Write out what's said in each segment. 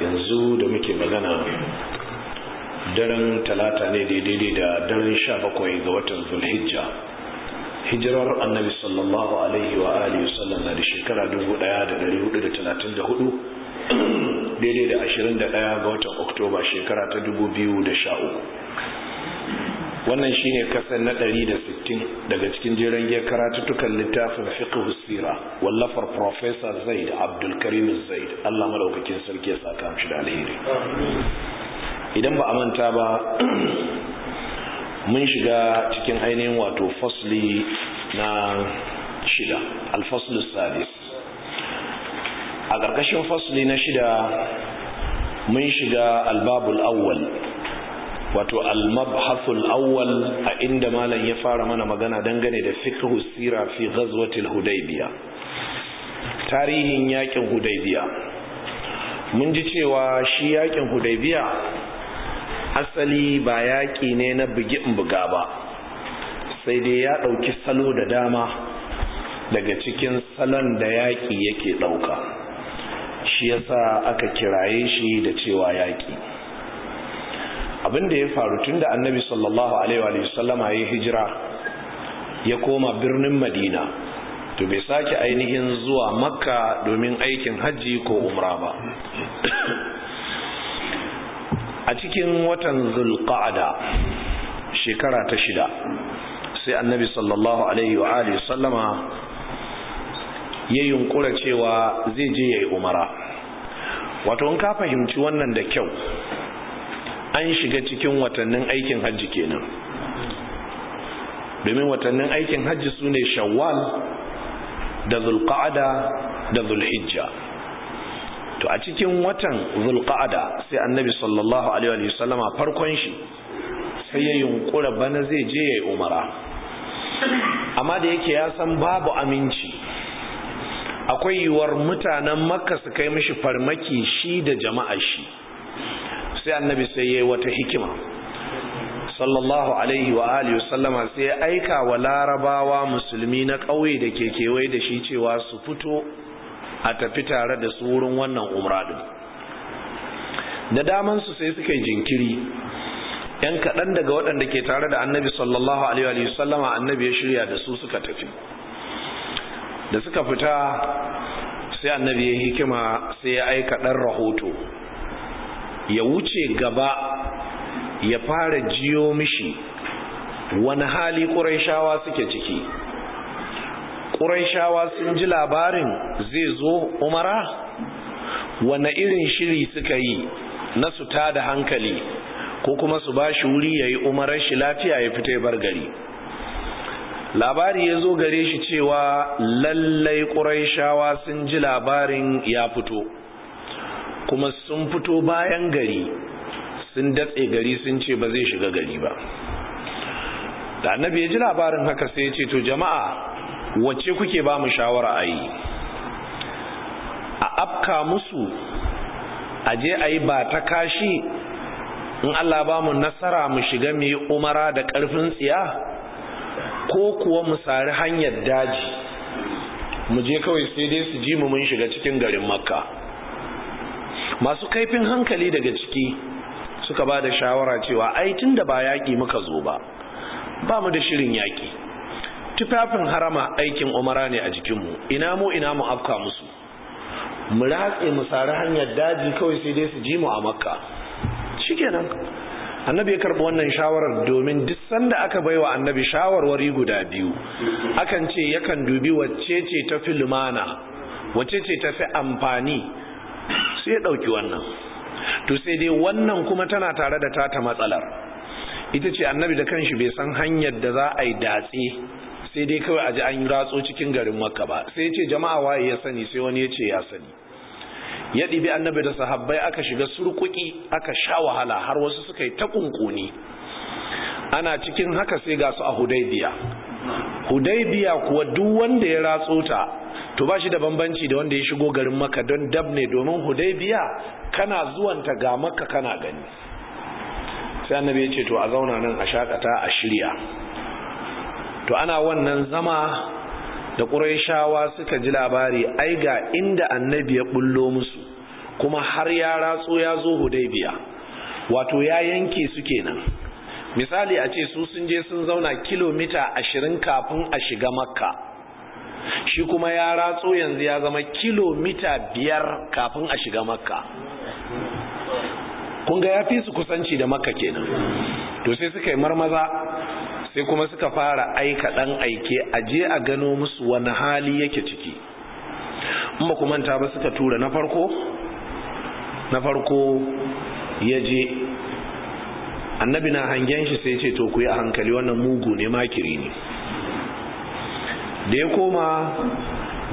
yanzu da muke magana daren talata ne daidai da daren sha bakwai ga watan zulhijja hijirar annabi sallallahu alaihi wa alihi wasallam na da shekara 1434 daidai da 21 ga watan oktoba shekara ta 2013 wannan shine kasan na 160 daga cikin jiran giyar karatuttukan littafin fiqh sira wallafar professor Zaid Abdul Karim Zaid Allah madaukakin sarki ya saka mishi da alheri idan ba a manta ba mun shiga cikin ainihin wato fasli na shida alfaslu sadis a ƙarƙashin fasli na shida mun shiga albabul awwal wato al-mabhasul awwal a inda malam ya fara mana magana dangane da fiqh sira fi ghazwatil hudaybiya tarihin yakin hudaybiya mun ji cewa shi yakin hudaybiya asali ba yaki ne na bugi buga ba sai dai ya dauki salo da dama daga cikin salon da yaki yake dauka shi yasa aka kiraye shi da cewa yaki abin da ya faru tun da annabi sallallahu alaihi wa sallama ya hijira ya koma birnin madina to bai sake ainihin zuwa makka domin aikin hajji ko umra ba a cikin watan zulqa'ada shekara ta shida sai annabi sallallahu alaihi wa sallama ya yunkura cewa zai je ya yi umara wato in ka fahimci wannan da kyau an shiga cikin watannin aikin hajji kenan domin watannin aikin hajji su ne shawwal da zulqa'ada da zulhijja to a cikin watan zulqa'ada sai annabi sallallahu alaihi wa sallama farkon shi sai ya yunkura bana zai je ya yi umara amma da yake ya san babu aminci akwai yiwuwar mutanen makka su kai mishi farmaki shi da jama'a shi sai annabi sai yayi wata hikima sallallahu alaihi wa alihi sallama sai ya aika wa larabawa musulmi na ƙauye da ke kewaye da shi cewa su fito a tafi tare da su wurin wannan umra din da daman su sai suka yi jinkiri yan kaɗan daga waɗanda ke tare da annabi sallallahu alaihi wa sallama annabi ya shirya da su suka tafi da suka fita sai annabi ya hikima sai ya aika ɗan rahoto ya wuce gaba ya fara jiyo mishi wani hali ƙuraishawa suke ciki ƙuraishawa sun ji labarin zai zo umara Wani irin shiri suka yi na su da hankali ko kuma su ba shi wuri ya yi umarar shi lafiya ya fita ya bar gari labari ya zo gare shi cewa lallai ƙuraishawa sun ji labarin ya fito kuma sun fito bayan gari sun datse gari sun ce ba zai shiga gari ba da annabi ya ji labarin haka sai ya ce to jama'a wacce kuke ba mu shawara a yi a afka musu a je a yi ba ta kashi in Allah ba mu nasara mu shiga mu umara da ƙarfin tsiya ko kuwa mu sari hanyar daji mu je kawai sai dai su ji mu mun shiga cikin garin makka masu kaifin hankali daga ciki suka ba da shawara cewa ai tun da ba yaƙi muka zo ba ba mu da shirin yaƙi tufafin harama aikin umara ne a jikinmu ina mu ina mu afka musu mu ratse mu sari hanyar daji kawai sai dai su ji mu a makka shikenan annabi ya karɓi wannan shawarar domin duk sanda aka baiwa annabi shawarwari guda biyu akan ce yakan dubi wacce ce ta fi lumana wacce ce ta fi amfani sai ya ɗauki wannan to sai dai wannan kuma tana tare da tata matsalar ita ce annabi da kanshi bai san hanyar da za a yi datse sai dai kawai a ji an ratso cikin garin makka ba sai ya ce jama'a waye ya sani sai wani ya ce ya sani ya ɗibi annabi da sahabbai aka shiga surkuki aka sha wahala har wasu suka yi ta kunkuni. ana cikin haka sai ga su a hudaibiya hudaibiya kuwa duk wanda ya ratso ta to ba shi da bambanci da wanda ya shigo garin maka don dab ne domin hudaybiya kana zuwanta ga maka kana gani sai annabi ya ce to a zauna nan a shakata a shirya to ana wannan zama da ƙurayshawa suka ji labari ai ga inda annabi ya bullo musu kuma har ya ratso ya zo hudaybiya wato ya yanke su kenan misali a ce su sun je sun zauna kilomita ashirin kafin a shiga makka shi kuma ya ratso yanzu ya zama kilomita biyar kafin a shiga makka kun ga ya fi su kusanci da makka kenan to sai suka yi marmaza sai kuma suka fara aika dan aike a je a gano musu wani hali yake ciki amma ba ta ba suka tura na farko na farko ya je annabi na hangen shi sai ce to ku yi a hankali wannan mugu ne makiri ne da ya koma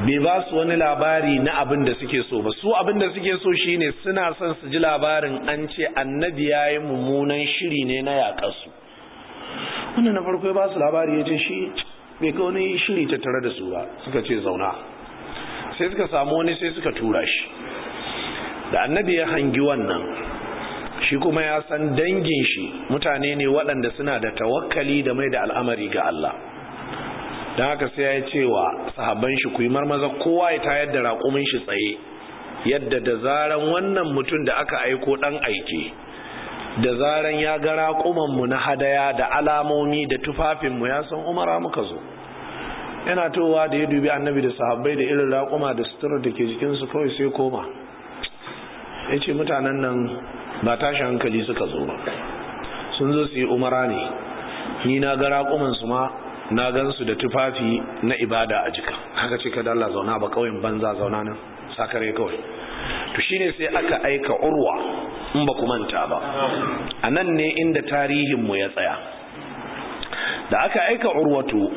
bai ba su wani labari na abin da suke so ba su abin da suke so shine suna son su ji labarin an ce annabi ya yi mummunan shiri ne na yaƙarsu wanda na farko ba su labari ya ce shi bai ga wani shiri ta tare da su ba suka ce zauna sai suka samu wani sai suka tura shi da annabi ya hangi wannan shi kuma ya san dangin shi mutane ne waɗanda suna da tawakkali da mai da al'amari ga Allah Da haka sai ya yi wa sahabban shi ku yi marmaza kowa ya tayar da raƙumin shi tsaye yadda da zaran wannan mutum da aka aiko ɗan aike da zaran ya ga raƙumanmu na hadaya da alamomi da tufafinmu ya san umara muka zo yana towa da ya dubi annabi da sahabbai da irin raƙuma da sutura da ke jikinsu kawai sai koma ya ce mutanen nan ba tashi hankali suka zo ba sun zo su yi umara ne ni na ga raƙumansu ma na gansu da tufafi na ibada a jika haka ce kada Allah zauna ba kauyen banza zauna nan sakare kawai to shine sai aka aika urwa in ba ku manta ba anan ne inda tarihin mu ya tsaya da aka aika urwatu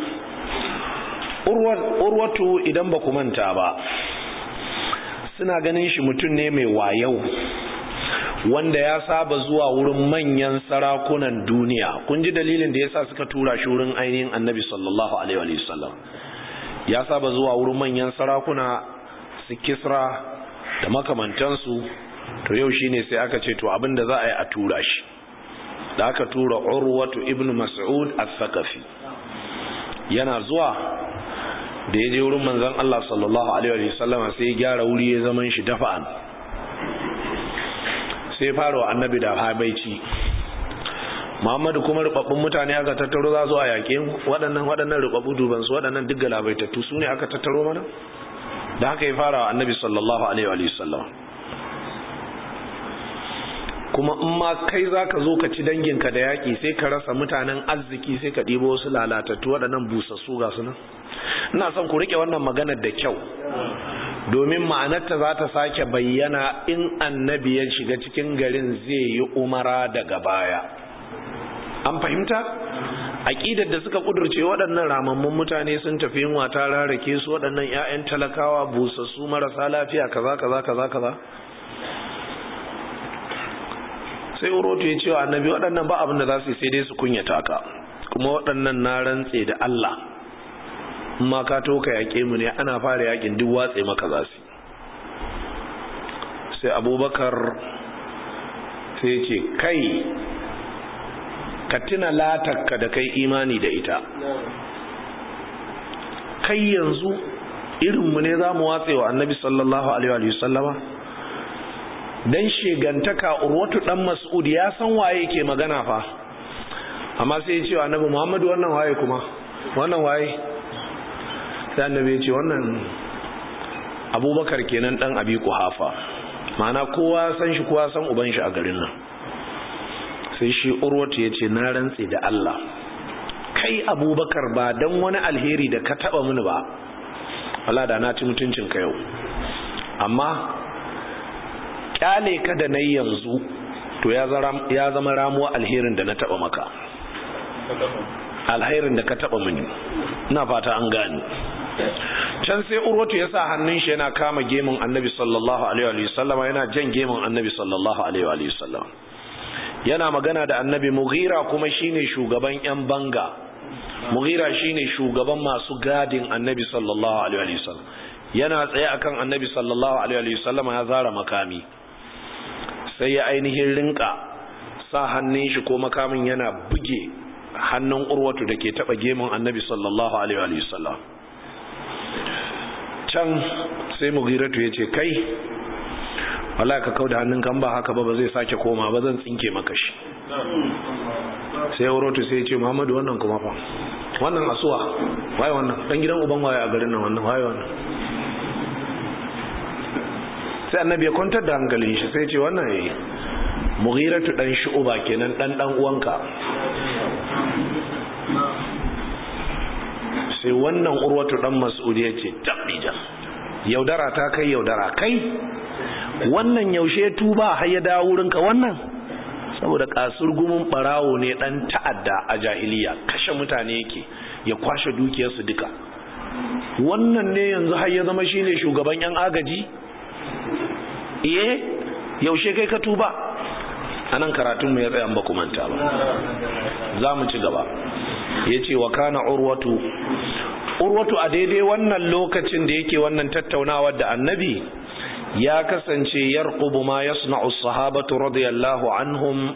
urwatu idan ba ku manta ba suna ganin shi mutum ne mai wayau wanda ya saba zuwa wurin manyan sarakunan duniya kun ji dalilin da yasa suka tura shi wurin ainihin annabi sallallahu alaihi wa sallam ya saba zuwa wurin manyan sarakuna su kisra da makamantansu to yau shine sai aka ce to abin da za a yi a tura shi da aka tura urwatu ibnu mas'ud as-sakafi yana zuwa da ya je wurin manzon Allah sallallahu alaihi wa sallam sai ya gyara wuri ya zaman shi dafa'an sai farawa annabi da habaici muhammadu kuma rubabbun mutane aka tattaro za su a yaƙe waɗannan waɗannan rubabbu duban su waɗannan duk galabaitattu su ne aka tattaro mana da haka ya farawa annabi sallallahu alaihi wa sallam kuma in ma kai za ka zo ka ci danginka da yaƙi sai ka rasa mutanen arziki sai ka ɗibo wasu lalatattu waɗannan busassu ga su nan ina son ku riƙe wannan maganar da kyau domin ma'anarta za ta sake bayyana in annabi ya shiga cikin garin zai yi umara daga baya an fahimta aƙidar da suka ƙudurce waɗannan ramammun mutane sun tafi yin wata rarrake su waɗannan 'ya'yan talakawa busassu marasa lafiya kaza kaza kaza kaza sai uroto ya cewa annabi waɗannan ba abin da za su yi sai dai su kunyata ka kuma waɗannan na rantse da Allah ma ka to ka yaƙe mu ne ana fara yaƙin duk watse maka za su sai abubakar sai ce kai ka tuna latakka da kai imani da ita kai yanzu irinmu ne za mu watse wa annabi sallallahu alaihi wa sallama dan shegantaka urwatu dan mas'ud ya san waye ke magana fa amma sai ya ce wa annabi muhammadu wannan waye kuma wannan waye sai annabi ya ce wannan abubakar kenan dan abi hafa ma'ana kowa san shi kowa san uban shi a garin nan sai shi urwatu ya ce na rantse da Allah kai abubakar ba dan wani alheri da ka taba mini ba Allah da na ci mutuncin ka yau amma kyale ka da nayi yanzu to ya zama ramuwa alherin da na taba maka alherin da ka taba mini ina fata an gani can sai urwatu ya sa hannun shi yana kama gemun annabi sallallahu alaihi wa sallama yana jan gemun annabi sallallahu alaihi wa sallama yana magana da annabi mughira kuma shine shugaban yan banga mughira shine shugaban masu gadin annabi sallallahu alaihi wa sallam yana tsaye akan annabi sallallahu alaihi wa sallama ya zara makami sai ya ainihin rinka sa hannun shi ko makamin yana buge hannun urwatu da ke taba gemun annabi sallallahu alaihi wa sallam can sai mugiratu ya ce kai wala ka kau da hannun kan ba haka ba ba zai sake koma ba zan tsinke maka shi sai wurotu sai ya ce muhammadu wannan kuma fa wannan asuwa waye wannan dan gidan uban waye a garin nan wannan waye wannan sai annabi ya kwantar da hankalin shi sai ya ce wannan yayi eh, mughiratu dan shu'uba kenan dan dan uwanka sai wannan urwatu dan mas'ud ya ce yaudara ta kai yaudara kai wannan yaushe tuba har ya dawo wurinka wannan saboda kasur gumin barawo ne dan ta'adda a jahiliya kashe mutane yake ya kwashe dukiyarsu duka wannan ne yanzu har ya zama shine shugaban yan agaji eh yaushe kai ka tuba anan karatun mu ya tsaya ba ku manta ba za mu ci gaba yace wa kana urwatu urwatu a daidai wannan lokacin da yake wannan tattaunawar da annabi ya kasance yarqubu ma yasna'u sahabatu radiyallahu anhum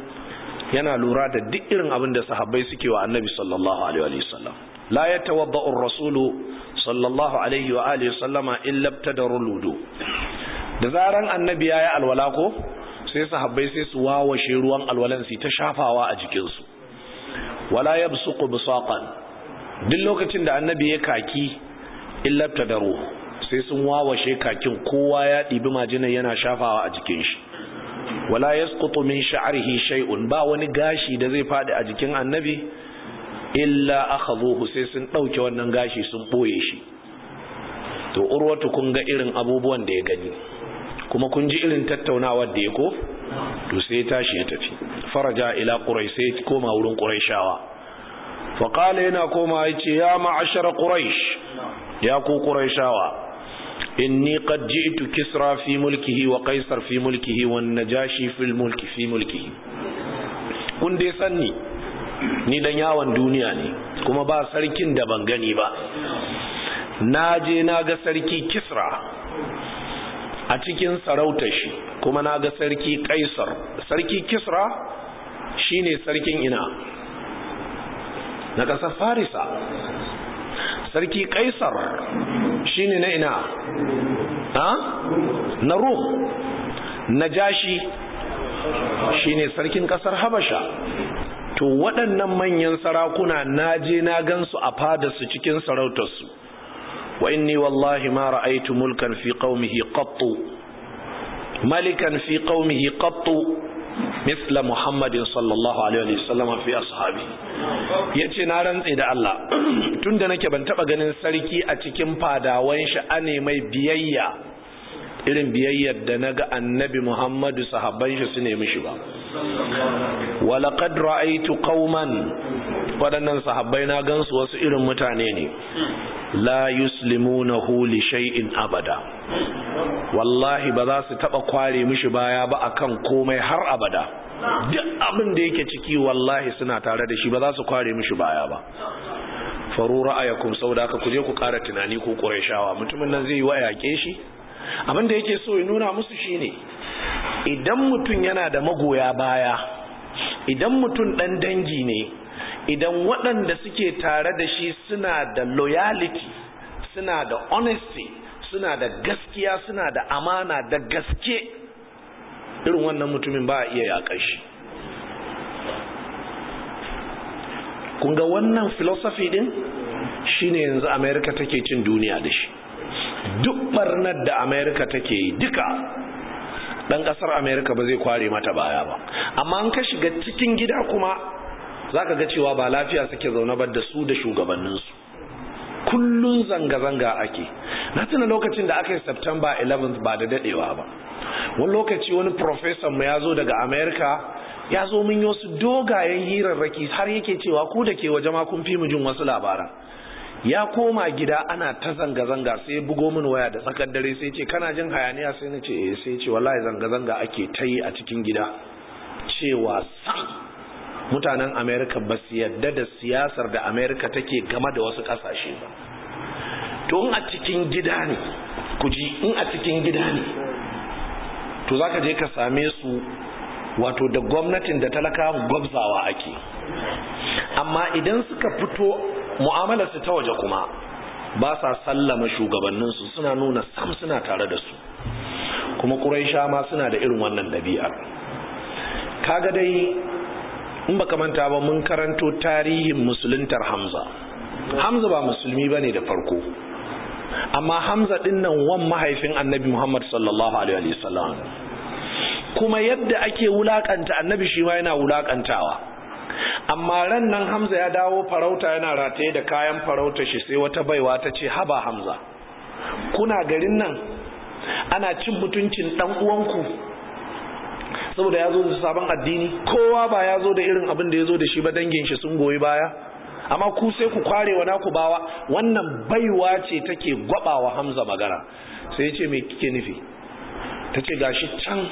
yana lura da duk irin abin da sahabbai suke wa annabi sallallahu alaihi wa sallam la yatawadda'u ar-rasulu sallallahu alaihi wa alihi sallama illa ibtadaru ludu da zaran annabi yayi alwala ko sai sahabbai sai su wawashe ruwan alwalan su ta shafawa a jikinsu. wala ya yabsuqu bisaqan duk lokacin da annabi ya kaki da ruhu sai sun wawashe kakin kowa ya ɗibi majina yana shafawa a jikin shi wala ya yasqutu min sha'arhi shay'un ba wani gashi da zai faɗi a jikin annabi illa akhadhuhu sai sun ɗauki wannan gashi sun ɓoye shi to urwatu kun ga irin abubuwan da ya gani kuma kun ji irin tattaunawar da ya ko to sai ya tashi ya tafi faraja ila quraish sai ya koma wurin quraishawa fa qala yana koma yace ya ma'ashara quraish ya ku quraishawa inni qad ji'tu kisra fi mulkihi wa qaisar fi mulkihi wan najashi fi mulki fi mulkihi kun dai sanni ni dan yawon duniya ne kuma ba sarkin da ban gani ba na je na ga sarki kisra a cikin sarauta shi kuma na ga sarki kaisar sarki kisra shine sarkin ina na ƙasar farisa sarki kaisar shine na ina ha na jashi? Shi shine sarkin ƙasar habasha to waɗannan manyan sarakuna na je na gansu a fadarsu cikin sarautarsu wa inni wallahi ma ra'aytu mulkan fi qaumihi qattu malikan fi qaumihi qattu misla muhammadin sallallahu alaihi wasallam fi ashabi yace na rantse da Allah tunda nake ban taɓa ganin sarki a cikin fadawan shi ane mai biyayya irin biyayyar da na ga annabi muhammadu sahabban shi su nemi shi ba walaƙad ra'aitu kauman waɗannan sahabbai na gansu wasu irin mutane ne la Yuslimu na huli shay'in abada wallahi ba za su taɓa kware mishi baya ba akan komai har abada duk abin da yake ciki wallahi suna tare da shi ba za su kware mishi baya ba faru ra'ayakum sau haka ku je ku ƙara tunani ko ƙuraishawa. mutumin nan zai yi wa yaƙe shi abin da yake so ya nuna musu shine idan mutum yana da magoya baya idan mutum ɗan dangi ne idan waɗanda suke tare da shi suna da loyalty suna da honesty suna da gaskiya suna da amana da gaske irin wannan mutumin ba a iya yaƙar shi kunga wannan philosophy din shine yanzu america take cin duniya da shi duk barnar da Amerika take yi duka dan kasar Amerika ba zai kware mata baya ba amma an ka shiga cikin gida kuma zaka ga cewa ba lafiya suke zaune ba da su da shugabanninsu kullun zanga-zanga ake na tuna lokacin da aka yi september 11 th ba da dadewa ba wani lokaci wani professor mu ya zo daga america ya zo mun yi wasu dogayen hirarraki har yake cewa ku da ke waje ma kun fi mu jin wasu labaran ya koma gida ana ta zanga-zanga sai bugo min waya da tsakar dare sai ce kana jin hayaniya sai na ce eh, sai ce wallahi zanga-zanga ake ta yi a cikin gida cewa sa mutanen america ba su yadda da siyasar da america take game da wasu kasashe ba to in a cikin gida ne ku ji in a cikin gida ne to zaka je ka same su wato da gwamnatin da talakawa gwabzawa ake amma idan suka fito su ta waje kuma ba sa sallama shugabanninsu suna nuna sam suna tare da su kuma ƙuraisha ma suna da irin wannan ɗabi'ar kaga dai in baka manta ba mun karanto tarihin musuluntar hamza hamza ba musulmi ba ne da farko amma hamza ɗin wan mahaifin annabi muhammad sallallahu alaihi wasallam kuma yadda ake wulakanta annabi shi ma yana wulaƙantawa. amma ran nan hamza ya dawo farauta yana rataye da kayan farauta shi sai wata baiwa ta ce haba hamza kuna garin nan ana cin mutuncin dan uwanku saboda ya zo da sabon addini kowa ba ya zo da irin abin da ya zo da shi ba dangin shi sun goyi baya amma ku sai ku kware wa naku bawa wannan baiwa ce take gwaba wa hamza magana sai ce me kike nufi ta ce gashi can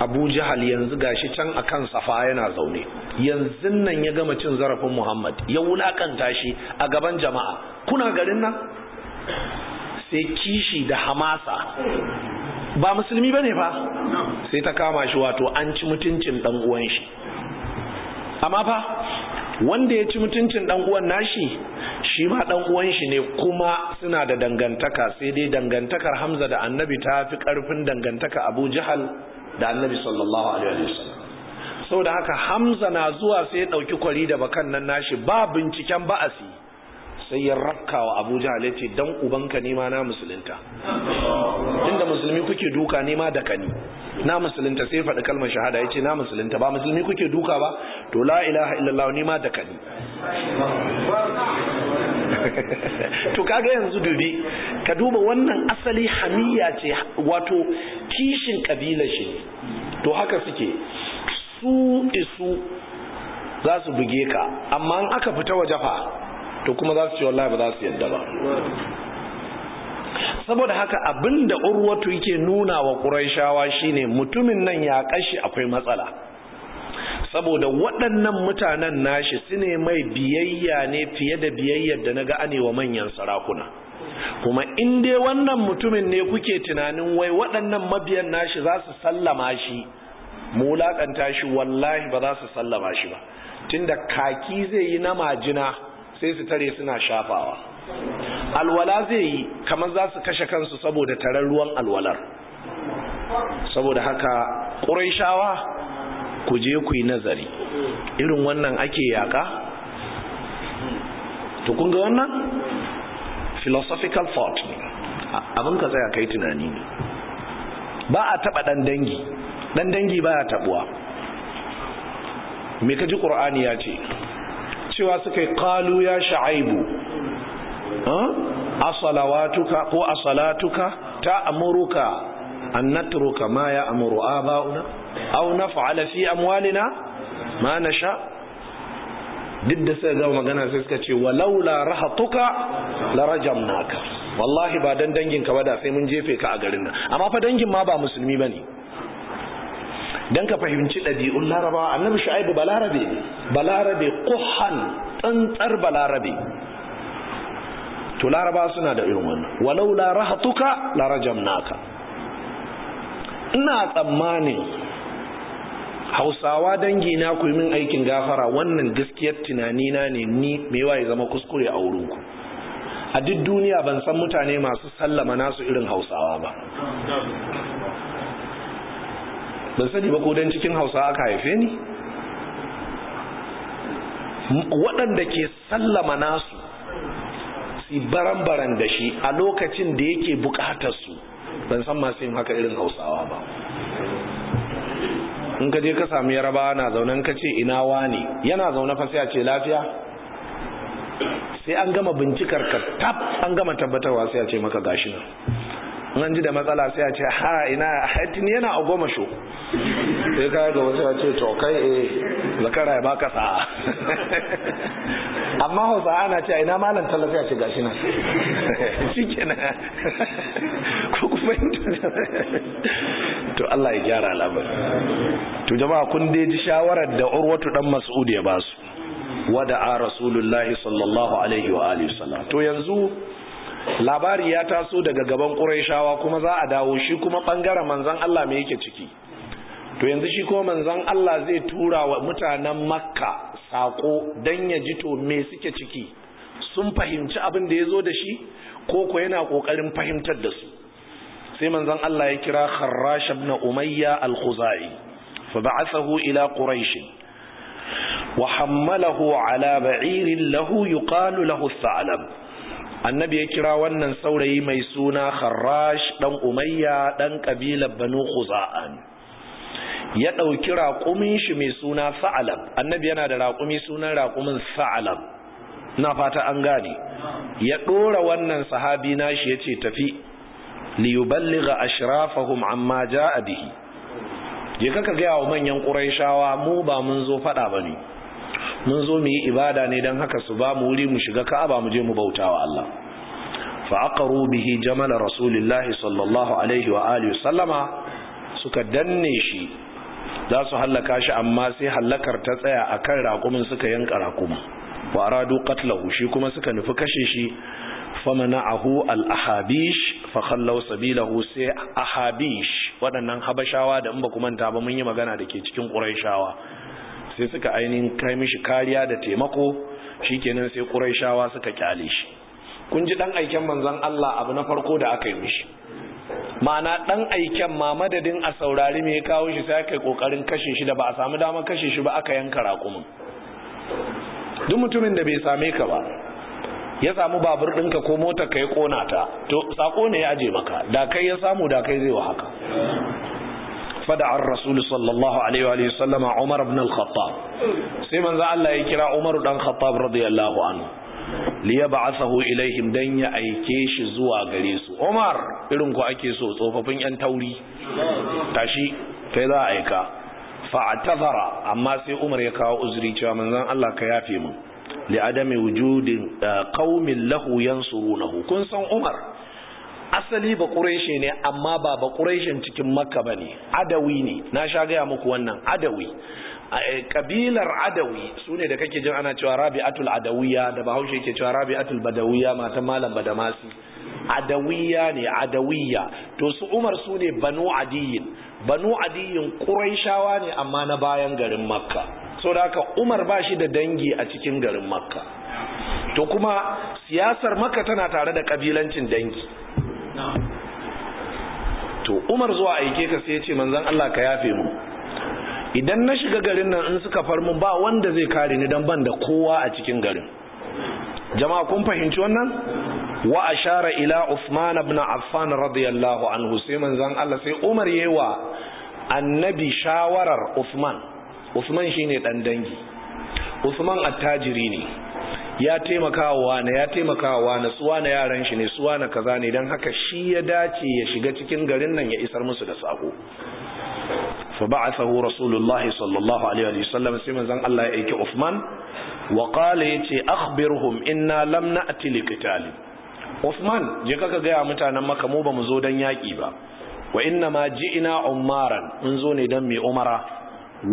abu Jihal yanzu gashi can a kan safa yana zaune yanzu nan ya gama cin zarafin muhammad ya wulakanta shi a gaban jama'a kuna garin nan sai kishi da hamasa ba musulmi bane fa sai ta kama shi wato an ci mutuncin dan uwan shi amma fa wanda ya ci mutuncin dan uwan nashi shi ma dan uwan shi ne kuma suna da dangantaka sai dai dangantakar Hamza da Annabi ta fi karfin dangantaka Abu Jihal. da annabi sallallahu alaihi wasallam da haka hamza na zuwa sai ya dauki kwari da bakan nan nashi ba binciken ba'asi sai ya rakka wa abu jahal yace dan ubanka ne ma na musulunta inda musulmi kuke duka ne ma da kani na musulunta sai faɗi kalmar shahada yace na musulunta ba musulmi kuke duka ba to la ilaha illallah ne ma da kani to kaga yanzu dubi ka duba wannan asali hamiya ce wato kishin kabila shi to haka suke su isu za su buge ka amma in aka fita waje fa to kuma za su ce wallahi ba za su yadda ba saboda haka abinda urwatu yake nuna wa quraishawa shine mutumin nan ya kashi akwai matsala saboda waɗannan mutanen nashi su ne mai biyayya ne fiye da biyayyar da na ga anewa manyan sarakuna kuma in dai wannan mutumin ne kuke tunanin wai waɗannan mabiyan nashi za su sallama shi mu shi wallahi ba za su sallama shi ba tunda kaki zai yi na majina sai su tare suna shafawa alwala zai yi kamar za su kashe kansu saboda tarar ruwan alwalar saboda haka shawa. ku je ku yi nazari irin wannan ake yaka to kun ga wannan philosophical thought abin ka tsaya kai tunani ne ba a taba dan dangi dan dangi baya tabuwa me kaji qur'ani ya ce cewa suka yi qalu ya sha'aibu a salawatuka ko a salatuka ta amuruka an natruka ma ya amuru ba'una aw naf'ala fi amwalina ma nasha duk da suka gama magana sai suka ce walaula rahatuka la rajamnaka wallahi ba dan dangin ka ba da sai mun jefe ka a garin nan amma fa dangin ma ba musulmi bane dan ka fahimci ɗabi'un laraba annabi shu'aibu balarabe ne balarabe tsantsar balarabe to laraba suna da irin wannan walau la rahatuka la rajamnaka ina tsammanin hausawa dangi na ku min aikin gafara wannan gaskiyar tunani na ne ni mewa ya zama kuskure a wurin ku a duk duniya ban san mutane masu sallama nasu irin hausawa ba ban sani ba ko dan cikin hausawa aka haife ni waɗanda ke sallama nasu si baran-baran da shi a lokacin da yake bukatar su ban san masu yin haka irin hausawa ba in ka je ka sami yaraba na zaune ka ce ina wani yana zaune fa sai a ce lafiya sai an gama bincikar ka tab an gama tabbatarwa sai a ce maka gashi nan an ji da matsala sai a ce ha ina hatin yana a goma sho sai ka ga wasu ya ce to kai eh zakara ya baka sa. amma hausa ana ce ina malam sai a ce gashi nan shi kenan ko kuma to Allah ya gyara labar to jama'a kun dai ji shawarar da urwatu dan mas'ud ya ba su wada a rasulullahi sallallahu alaihi wa alihi sallam to yanzu labari ya taso daga gaban quraishawa kuma za a dawo shi kuma bangare manzon Allah me yake ciki to yanzu shi kuma manzon Allah zai tura wa mutanen makka sako dan ya ji to me suke ciki sun fahimci abin da ya zo da shi ko ko yana ƙoƙarin fahimtar da su sai manzon Allah ya kira Kharrash ibn Umayya al-Khuzai fa ba'athahu ila Quraysh wa hammalahu ala ba'irin lahu yuqalu lahu Sa'lab annabi ya kira wannan saurayi mai suna Kharrash dan Umayya dan kabilar Banu Khuza'an ya ɗauki raƙumin shi mai suna sa'alab annabi yana da raƙumi sunan raƙumin sa'alab na fata an gane ya ɗora wannan sahabi nashi ya ce tafi yuballigha ashrafahum amma ja'a bihi je ka gaya wa manyan quraishawa mu ba mun zo faɗa ba mun zo mu yi ibada ne dan haka su ba mu wuri mu shiga ka'aba mu je mu bautawa Allah fa aqaru bihi jamal rasulillahi sallallahu alaihi wa alihi sallama suka danne shi za su hallaka shi amma sai hallakar ta tsaya akan rakumin suka yanka raƙuma wa aradu qatlahu shi kuma suka nufi kashe shi famana'ahu al-ahabish fa khallaw sabilahu sai ahabish waɗannan habashawa da in ba manta ba mun yi magana da ke cikin quraishawa sai suka ainihin kai mishi kariya da taimako shikenan sai quraishawa suka kyale shi kun ji dan aiken manzon Allah abu na farko da aka yi mishi ma'ana dan aiken ma madadin a saurari me ya kawo shi sai aka yi kokarin kashe shi da ba a samu damar kashe shi ba aka yanka raƙumin duk mutumin da bai same ka ba ya samu babur ɗinka ko motar ka ya kona ta to sako ne ya aje maka da kai ya samu da kai zai wa haka fada an rasulu sallallahu alaihi wa sallama umar ibn al-khattab sai manzo Allah ya kira Umar dan Khattab radiyallahu anhu liyab'athahu ilaihim dan ya aike shi zuwa gare su Umar irin ku ake so tsofaffin yan tauri tashi kai za a aika fa'tazara amma sai Umar ya kawo uzuri cewa manzan Allah ka yafe mu li adami wujudin kaumin eh, lahuyan yansurunahu kun san Umar asali ba quraishi ne amma ba ba quraishin cikin makka ne adawi ne na sha gaya muku wannan adawi eh, kabilar adawi su ne da kake jin ana cewa Rabi Atul adawiya da bahaushe ke cewa Rabi Atul badawiya matan malam badamasi adawiya ne adawiya to su umar su ne banu adiyin banu adiyin ƙuraishawa ne amma na bayan garin makka so da haka umar ba shi da dangi a cikin garin makka to kuma siyasar makka tana tare da kabilancin dangi to umar zuwa aike ka sai ya ce manzan allah ka yafe mu idan na shiga garin nan in suka farmu ba wanda zai kare ni dan ban da kowa a cikin garin jama'a kun fahimci wannan wa ashara ila Uthman ibn Affan radiyallahu anhu sai manzon Allah sai Umar yewa annabi shawarar Uthman Uthman shine dan dangi Uthman attajiri ne ya taimakawa na ya taimakawa na suwa na yaran shi ne su na kaza ne dan haka shi ya dace ya shiga cikin garin nan ya isar musu da sako fa ba'athahu rasulullahi sallallahu alaihi wa sallam sai manzon Allah ya aiki Uthman wa qala yace akhbirhum inna lamna na'ti liqitali Uthman je kaka gaya mutanen maka mu ba mu zo don yaƙi ba wa inna ma ina umaran mun zo ne don mai umara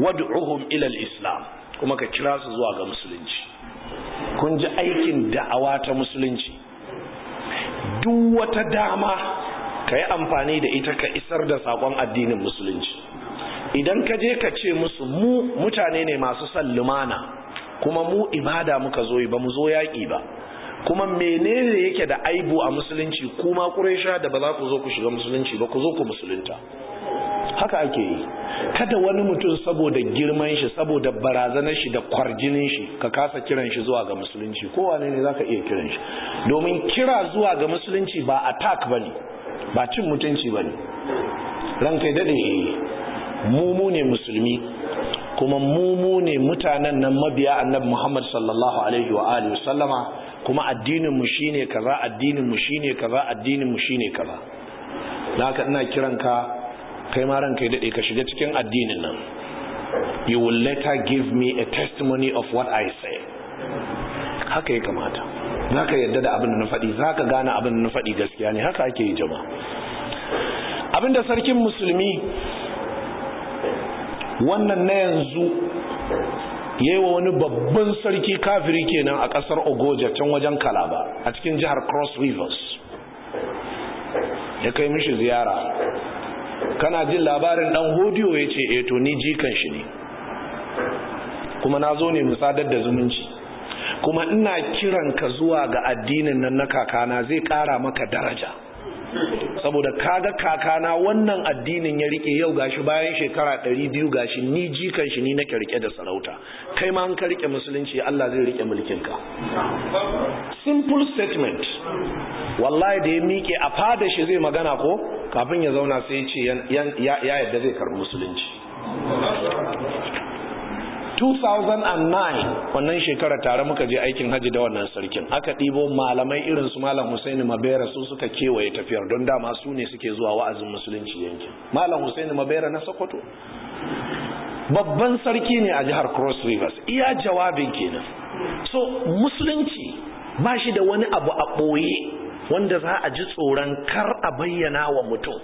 wad'uhum ila islam kuma ka kira su zuwa ga musulunci kun ji aikin da'awa ta musulunci duk wata dama ka yi amfani da ita ka isar da sakon addinin musulunci idan ka je ka ce musu mu mutane ne masu son lumana kuma mu ibada muka zo ba mu zo yaƙi ba kuma menene yake da aibu a musulunci kuma quraisha da ba za ku zo ku shiga musulunci ba ku zo ku musulunta haka ake yi kada wani mutum saboda girman shi saboda barazanar shi da kwarjinin shi ka kasa kiran shi zuwa ga musulunci kowane ne za ka iya kiran shi domin kira zuwa ga musulunci ba attack ne, ba cin mutunci ba ne. ranka kai dade mumu ne musulmi kuma mumu ne mutanen nan mabiya annabi Muhammad sallallahu alaihi wa alihi sallama kuma addinin mu shine kaza addinin mu shine kaza addinin mu shine kaza dan haka ina kiran ka kai ma ranka dade ka shiga cikin addinin nan you will later give me a testimony of what i say haka ya kamata zaka yadda da abin da na faɗi zaka gane abin da na faɗi gaskiya ne haka ake yi jama'a da sarkin musulmi wannan na yanzu wa wani babban sarki kafiri kenan a kasar ogoja can wajen kalaba a cikin jihar cross rivers ya kai mishi ziyara kana jin labarin dan hodiyo ya ce eto eh ni jikan shi ne kuma na zo ne musadar da zumunci kuma ina kiran ka zuwa ga addinin nan na kakana zai kara maka daraja saboda kaga kakana wannan addinin ya rike yau gashi bayan shekara 200 gashi ni jikan shi ni nake rike da sarauta kai ma an ka rike musulunci Allah zai rike mulkin ka simple statement wallahi da ya mike a fada shi zai magana ko kafin ya zauna sai ya ce ya yadda zai karbi musulunci 2009 wannan shekara tare muka je aikin haji da wannan sarkin aka ɗibo malamai irin su malam Husaini Mabera su suka kewaye tafiyar don dama su ne suke zuwa wa'azin musulunci yankin malam Husaini Mabera na Sokoto babban sarki ne a jihar Cross Rivers iya jawabin kenan so musulunci ba shi da wani abu a ɓoye wanda za a ji tsoron kar a bayyana wa mutum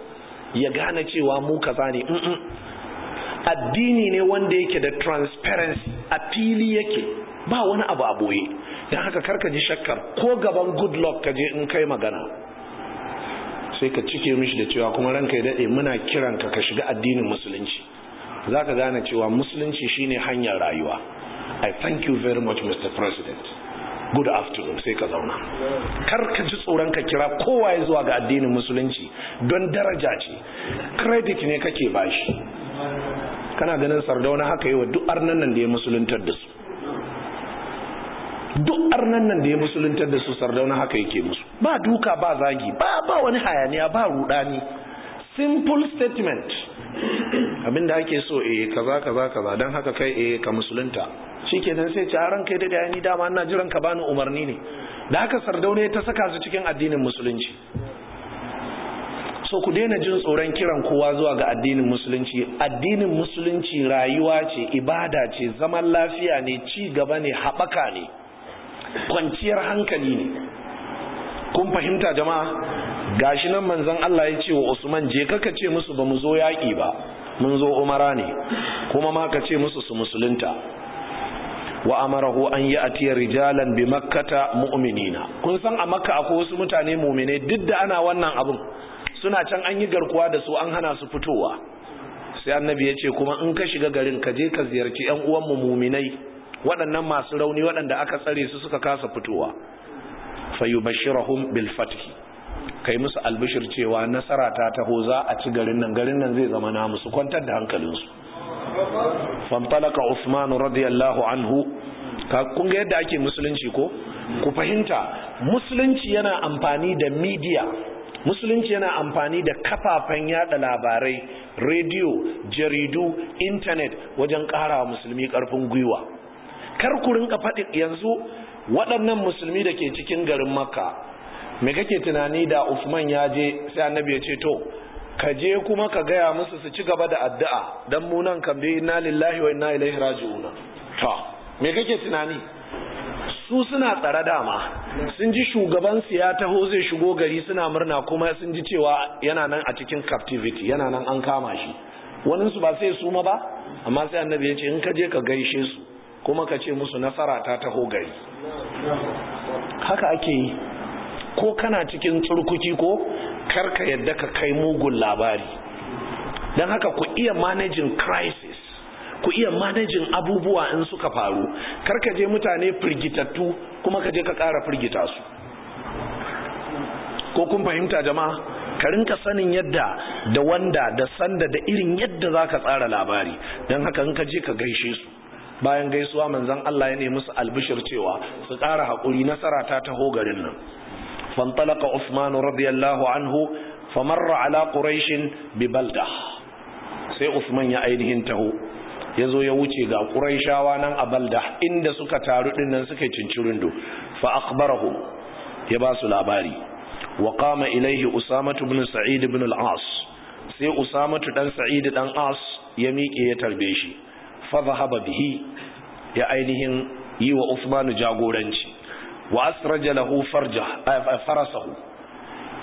ya gane cewa mu kaza ne addini ne wanda yake da transparency a fili yake ba wani abu a boye don haka karka ji shakkar ko gaban good luck ka je in kai magana sai ka cike mishi da cewa kuma ranka ya daɗe muna kiran ka shiga addinin musulunci za ka gane cewa musulunci shine hanyar rayuwa i thank you very much mr president good afternoon sai ka zauna karka ji tsoron ka kira kowa ya zuwa ga addinin musulunci don daraja ce credit ne kake bashi kana ganin sardauna haka yi wa duk arnan nan da ya musuluntar da su duk arnan nan da ya musuluntar da su sardauna haka yake musu ba duka ba zagi ba ba wani hayaniya ba rudani simple statement abinda ake so eh kaza kaza kaza dan haka kai eh ka musulunta shikenan sai ci haran kai da ni dama ina jiran ka bani umarni ne da haka sardauna ta saka su cikin addinin musulunci so ku daina jin tsoron kiran kowa zuwa ga addinin musulunci addinin musulunci rayuwa ce ibada ce zaman lafiya ne ci gaba ne haɓaka ne kwanciyar hankali ne kun fahimta jama'a gashi nan manzon Allah ya ce wa Usman je kaka ce musu ba mu zo yaƙi ba mun zo umara ne kuma ma ka ce musu su musulunta wa amarahu an yi tiyar rijalan bi makkata mu'minina kun san a makka akwai wasu mutane mu'mine duk da ana wannan abun suna can an yi garkuwa da su an hana su fitowa sai annabi ya ce kuma in ka shiga garin ka je ka ziyarci yan uwanmu muminai waɗannan masu rauni waɗanda aka tsare su suka kasa fitowa fayubashirahum bil fath kai musu albishir cewa nasara ta taho za a ci garin nan garin nan zai zama namu su kwantar da hankalin su. fantalaka Usman radiyallahu anhu ka kun ga yadda ake musulunci ko ku fahimta musulunci yana amfani da media musulunci yana amfani da kafafen yada labarai rediyo jaridu intanet wajen karawa musulmi karfin gwiwa kar ku rinka faɗi yanzu waɗannan musulmi da ke cikin garin makka me kake tunani da usman ya je sai annabi ya ce to ka je kuma ka gaya musu su ci gaba da addu'a dan mu nan kan bi inna lillahi wa inna ilaihi raji'un ta me kake tunani su suna tsara dama sun ji shugabansu ya taho zai shigo gari suna murna kuma sun ji cewa yana nan a cikin captivity yana nan an kama shi waninsu ba sai suma ba amma sai annabi ya ce in ka je ka gaishe su kuma ka ce musu nasara ta taho gari haka ake yi ko kana cikin turkuki ko karka yadda ka kai mugun labari don haka ku iya managing crisis ku iya manajin abubuwa in suka faru kar ka je mutane firgitattu kuma ka je ka kara firgita su ko kun fahimta jama'a ka rinka sanin yadda da wanda da sanda da irin yadda za ka tsara labari don haka in ka je ka gaishe su bayan gaisuwa manzan Allah ya ne musu albishir cewa su ƙara haƙuri nasara ta taho garin nan fantalaka Usman radiyallahu anhu famarra ala quraishin bi balda sai Usman ya ainihin taho ya zo ya wuce ga ƙuraishawa nan a balda inda suka taru ɗin nan suka cincirindo fa akhbarahu ya ba su labari wa qama ilaihi usamatu ibn sa'id ibn al-as sai usamatu dan sa'id dan as ya miƙe ya tarbe shi fa zahaba bihi ya ainihin yi wa usmanu jagoranci wa asraja lahu farja eh, farasahu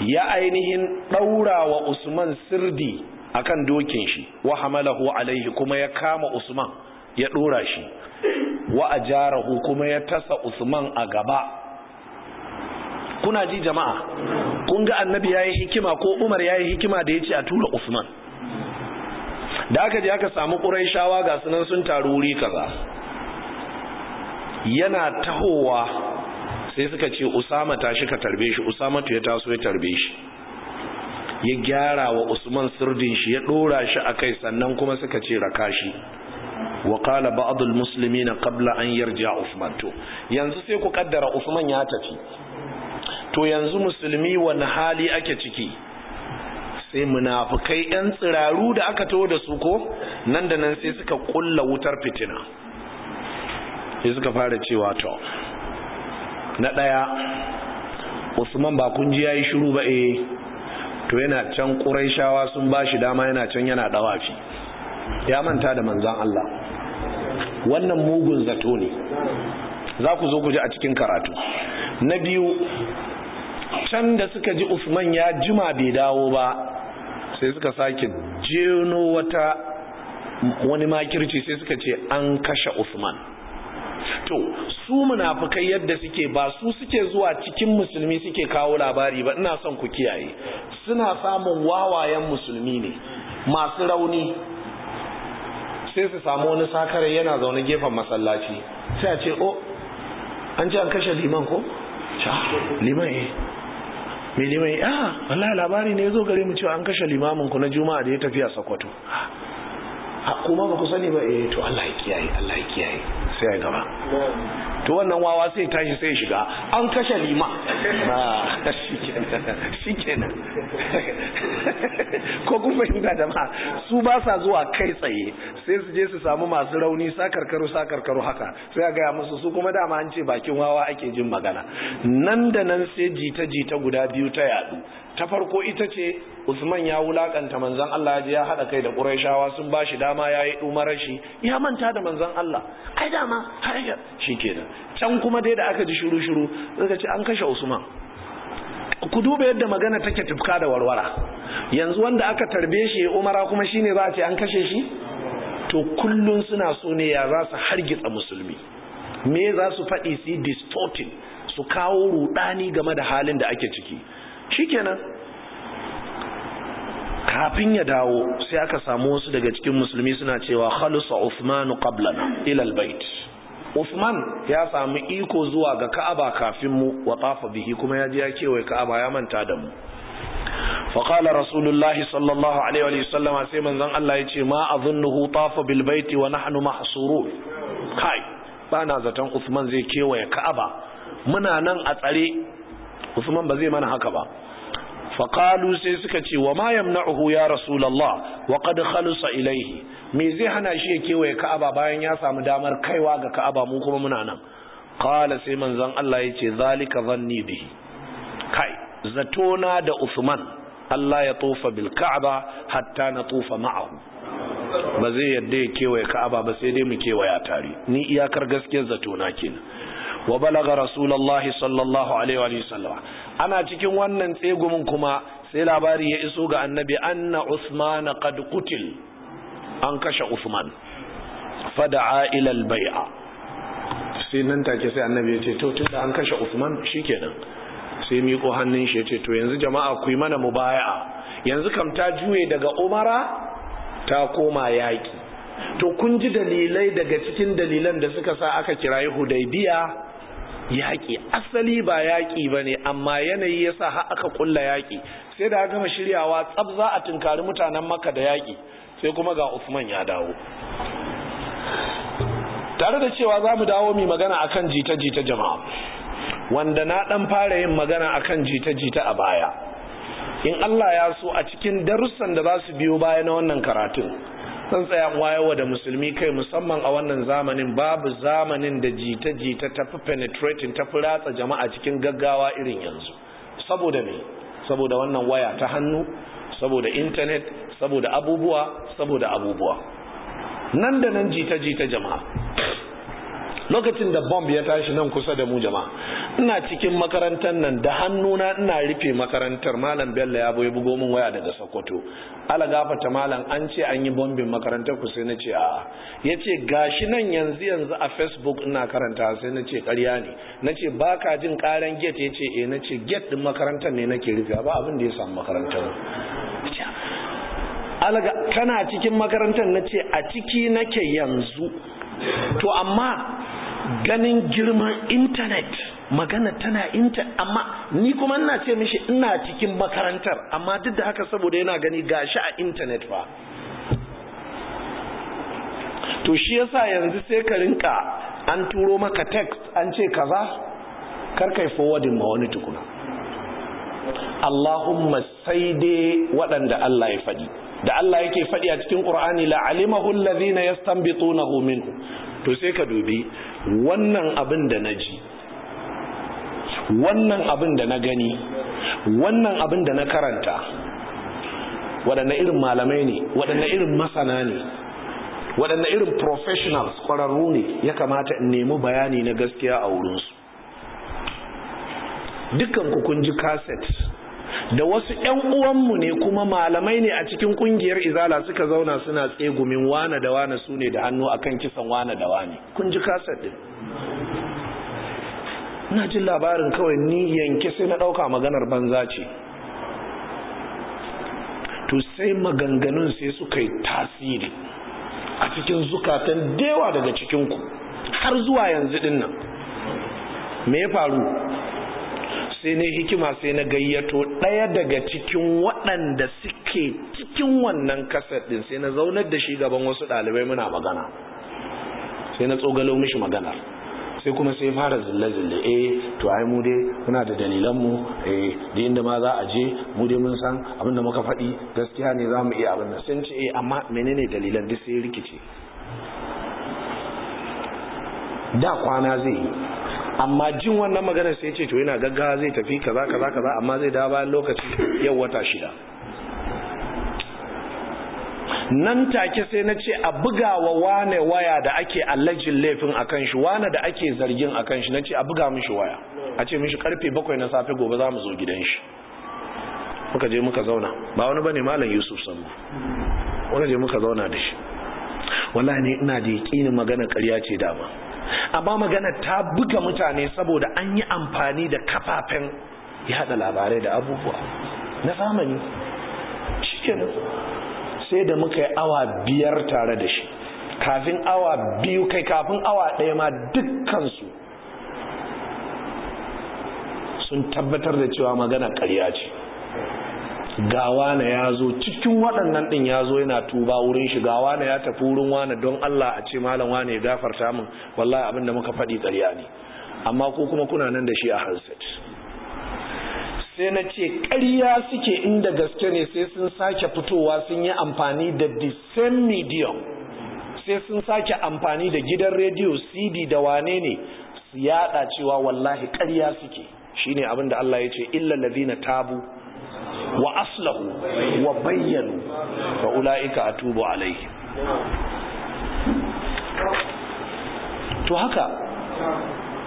ya ainihin daura wa usman sirdi akan dokin shi wa hamalahu alaihi kuma ya kama usman ya dora shi wa ajarahu kuma ya tasa usman a gaba kuna ji jama'a kun ga annabi yayi hikima ko umar yayi hikima da yace a tura usman da aka je aka samu quraishawa ga sunan sun taru wuri kaza yana tahowa sai suka ce usama tashi ka tarbe shi usama ya taso ya tarbe shi ya gyara wa usman sirdin shi ya dora shi a kai sannan kuma suka ce raka shi wa qala ba'dul muslimina qabla an yarja usman to yanzu sai ku kaddara usman ya tafi to yanzu musulmi wani hali ake ciki sai munafukai yan tsiraru da aka taho da su ko nan da nan sai suka kulla wutar fitina sai suka fara cewa to na daya usman ba kun ji yayi shiru ba eh to yana can ƙuraishawa sun ba shi dama yana can yana ɗawafi ya manta da manzan Allah wannan mugun zato ne za ku zo ku ji a cikin karatu na biyu can da suka ji usman ya jima bai dawo ba sai suka sake jeno wata wani makirci sai suka ce an kashe usman to su munafukai yadda suke ba su suke zuwa cikin musulmi suke kawo labari ba ina son ku kiyaye suna samun wawayen musulmi ne masu rauni sai su samu wani sakare yana zaune gefen masallaci sai a ce o oh, an ji an kashe liman ko liman eh Me liman eh ah wallahi labari ne yazo gare mu cewa an kashe limamin ku na juma'a da ya tafi a Sokoto ah, kuma ba ku sani ba eh to Allah ya kiyaye Allah ya kiyaye sai ya gaba to wannan wawa sai tashi sai shiga an kashe lima ah, shi kenan ko kun fahimta jama'a su ba sa zuwa kai tsaye sai su je su samu masu rauni sakarkaru sakarkaru haka sai a gaya musu su kuma dama an ce bakin wawa ake jin magana nan da nan sai jita-jita guda biyu ta yadu ta farko ita ce Usman ya wulakanta manzan Allah ya ya hada kai da ƙuraishawa sun ba shi dama ya yi umarar shi ya manta da manzan Allah ai dama ke shikenan can kuma dai da aka ji shiru shiru daga ce an kashe Usman ku duba yadda magana take tufka da warwara yanzu wanda aka tarbe shi ya umara kuma shi za a ce an kashe shi to kullum suna so ne ya za su hargitsa musulmi me za su faɗi su distorting su kawo rudani game da halin da ake ciki shikenan kafin ya dawo sai aka samu wasu daga cikin musulmi suna cewa khalusa Uthman qablana ila albayt Uthman ya samu iko zuwa ga Ka'aba kafin mu wa tafa bihi kuma ya je ya kewaye Ka'aba ya manta da mu fa qala rasulullahi sallallahu alaihi wa sallama sai manzon Allah ya ce ma azunnuhu tafa bil bayt wa nahnu mahsurun kai bana zaton Uthman zai kewaye Ka'aba muna nan a tsare Uthman ba zai mana haka ba faƙalu sai suka ce wa ma yamna'uhu ya rasulallah wa qad khalasa ilaihi me zai hana shi ya kewaye ka'aba bayan ya samu damar kaiwa ga ka'aba mu kuma muna nan qala sai manzon Allah ya ce zalika zanni bihi kai zatona da Usman Allah ya tufa bil ka'aba hatta na tufa ma'ahu ba zai yadda ya kewaye ka'aba ba sai dai mu kewaya tare ni iyakar gaskiyar zatona kenan wa balaga rasulullahi sallallahu alaihi wa sallam ana cikin wannan tsegumin kuma sai labari ya iso ga annabi anna usman qad qutil an kashe usman fada'a ila al-bai'a sai nan take sai annabi ya ce to tunda an kashe usman shikenan sai miko hannun shi ya ce to yanzu jama'a ku yi mana mubaya'a yanzu kam ta juye daga umara ta koma yaƙi to kun ji dalilai daga cikin dalilan da suka sa aka kirayi hudaybiya yaƙi asali ba yaƙi ba ne amma yanayi ya sa aka kulla yaƙi sai da gama shiryawa tsab za a tunkari mutanen maka da yaƙi sai kuma ga usman ya dawo tare da cewa za mu dawo mai magana akan jita-jita jama'a wanda na ɗan fara yin magana akan jita-jita a baya in Allah ya so a cikin darussan da za su biyo baya na wannan karatun sun tsaya wayewa da musulmi kai musamman a wannan zamanin babu zamanin da jita-jita ta fi penetrating ta fi ratsa jama'a cikin gaggawa irin yanzu saboda me saboda wannan waya ta hannu saboda intanet saboda abubuwa saboda abubuwa nan da nan jita-jita jama'a lokacin da bomb ya tashi nan kusa da mu jama'a ina cikin makarantar nan da hannuna ina rufe makarantar malam bello ya boye bugo min waya daga sokoto ala gafata malam an ce an yi bombin makarantar ku sai na ce a, ya ce gashi nan yanzu yanzu a facebook ina karanta sai na ce karya ne na ce ba ka jin karan gate ya ce eh na ce gate din makarantar ne nake rufe ba abin da ya samu makarantar alaga kana cikin makarantar na ce a ciki nake yanzu to amma ganin girman intanet magana tana inta amma ni kuma ina ce mishi ina cikin makarantar amma duk da haka saboda yana gani gashi a intanet ba. to shi yasa yanzu sai ka rinka an turo maka text an ce kaza kar kai forwarding ma wani tukuna Allahumma sai dai waɗanda Allah ya faɗi da Allah yake faɗi a cikin Qur'ani la alimahu alladhina yastanbitunahu minhu to sai ka dubi wannan abin da na ji wannan abin da na gani wannan abin da na karanta waɗanne irin malamai ne waɗanne irin masana ne waɗanne irin professionals ƙwararru ne ya kamata in nemi bayani na gaskiya a wurinsu dukkan kun ji cassette da wasu yan uwanmu ne kuma malamai ne a cikin kungiyar izala suka zauna suna tsegumin wane da wane su ne da hannu akan kisan wane da wane kun ji kasar din ina jin labarin kawai ni yanke sai na ɗauka maganar banza ce to sai maganganun sai suka yi tasiri a cikin zukatan dewa daga cikinku har zuwa yanzu dinnan me ya faru sai ne hikima sai na gayyato ɗaya daga cikin waɗanda suke cikin wannan kasar ɗin sai na zaunar da shi gaban wasu ɗalibai muna magana sai na tsogalo mishi magana sai kuma sai fara zille-zille eh to ai mu dai muna da dalilanmu eh da inda ma za a je mu dai mun san abinda muka faɗi gaskiya ne za mu iya abin nan sun ce eh amma menene dalilan duk sai rikice da kwana zai yi amma jin wannan maganar sai ce to yana gaggawa zai tafi kaza kaza kaza amma zai dawo bayan lokaci yau wata shida nan take sai na ce a buga wa wane waya da ake allajin laifin a kan shi wane da ake zargin a kan shi na ce a buga mishi waya a ce mishi karfe bakwai na safe gobe za mu zo gidan shi muka je muka zauna ba wani bane malam yusuf sambo muka je muka zauna da shi wallahi ne ina da yaƙinin magana ƙarya ce dama amma magana ta buga mutane saboda an yi amfani da kafafen yada labarai da abubuwa na zamani cikin sai da muka yi awa biyar tare da shi kafin awa biyu kai kafin awa ɗaya ma dukkansu sun tabbatar da cewa magana ƙarya ce gawa na ya zo cikin waɗannan ɗin ya zo yana tuba wurin shi gawa na ya tafi wurin wane don Allah a ce malam wane ya gafarta min wallahi abinda muka faɗi ƙarya ne amma ko kuma kuna nan da shi a hanset sai na ce ƙarya suke inda gaske ne sai sun sake fitowa sun yi amfani da the same medium sai sun sake amfani da gidan rediyo cd da wane ne su yaɗa cewa wallahi ƙarya suke shine abin da Allah ya ce illa lazina tabu wa aslahu wa bayyanu fa ula'ika atubu alaihi to haka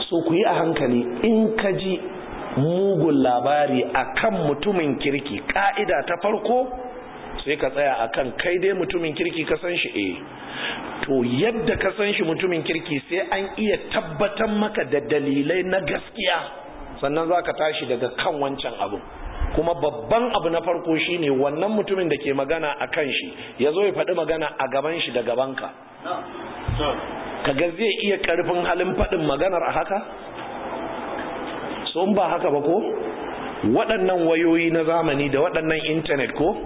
so ku yi a hankali in ka ji mugun labari akan mutumin kirki ka'ida ta farko sai ka tsaya akan kai dai mutumin kirki ka san shi eh to yadda ka san shi mutumin kirki sai an iya tabbatar maka da dalilai na gaskiya sannan za ka tashi daga kan wancan abu. kuma babban abu na farko shine wannan mutumin da ke magana a kan shi ya zo ya faɗi magana a gaban shi da gabanka kaga zai iya ƙarfin halin faɗin maganar a haka sun ba haka ba ko waɗannan wayoyi na zamani da waɗannan intanet ko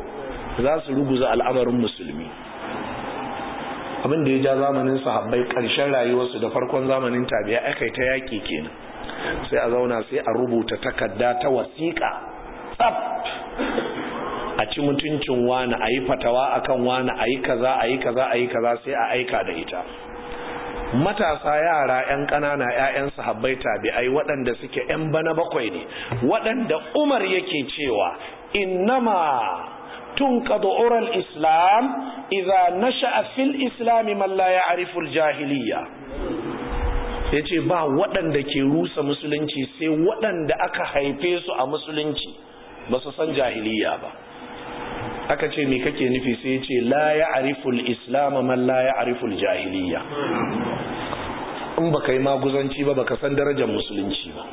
za su ruguza al'amarin musulmi abin da ya ja zamanin sahabbai ƙarshen rayuwarsu da farkon zamanin tabiya aka yi ta yaƙi kenan sai a zauna sai a rubuta takarda ta wasiƙa tsab a ci mutuncin wani a yi fatawa akan wani a yi kaza a yi kaza a yi kaza sai a aika da ita matasa yara 'yan ƙanana 'ya'yan sahabbai tabi'ai waɗanda suke 'yan bana bakwai ne waɗanda umar yake cewa innama tun oral islam iza na fil islami man la ya'rifu jahiliya yace ba waɗanda ke rusa musulunci sai waɗanda aka haife su a musulunci ba su san jahiliya ba aka ce me kake nufi sai ce la ya'riful islam man la ya'riful jahiliya in baka yi maguzanci ba baka san darajar musulunci ba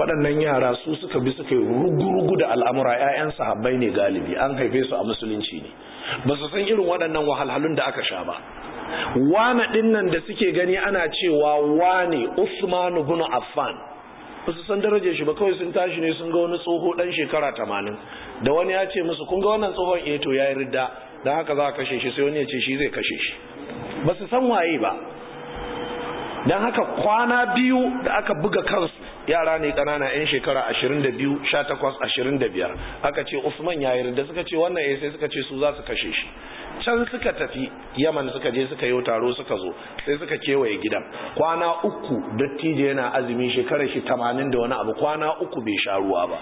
waɗannan yara su suka bi suka yi rugurugu da al'amura 'ya'yan sahabbai ne galibi an haife su a musulunci ne ba su san irin waɗannan wahalhalun da aka sha ba wane nan da suke gani ana cewa wane usmanu bin affan ba su san daraje shi ba kawai sun tashi ne sun ga wani tsoho dan shekara tamanin da wani ya ce musu kun ga wannan tsohon eto eh, ya yi ridda don haka za a kashe shi sai wani ya ce shi zai kashe shi ba su san waye ba don haka kwana biyu da aka buga kansu yara ne ƙanana 'yan shekara 22 18-25 aka ce usman ya yarda suka ce wannan ya eh, sai suka ce su za su kashe shi can suka tafi yaman suka je suka yi taro suka zo sai suka kewaye gidan kwana uku dattijo yana azumi shekara shi 80 da wani abu kwana uku bai sha ruwa ba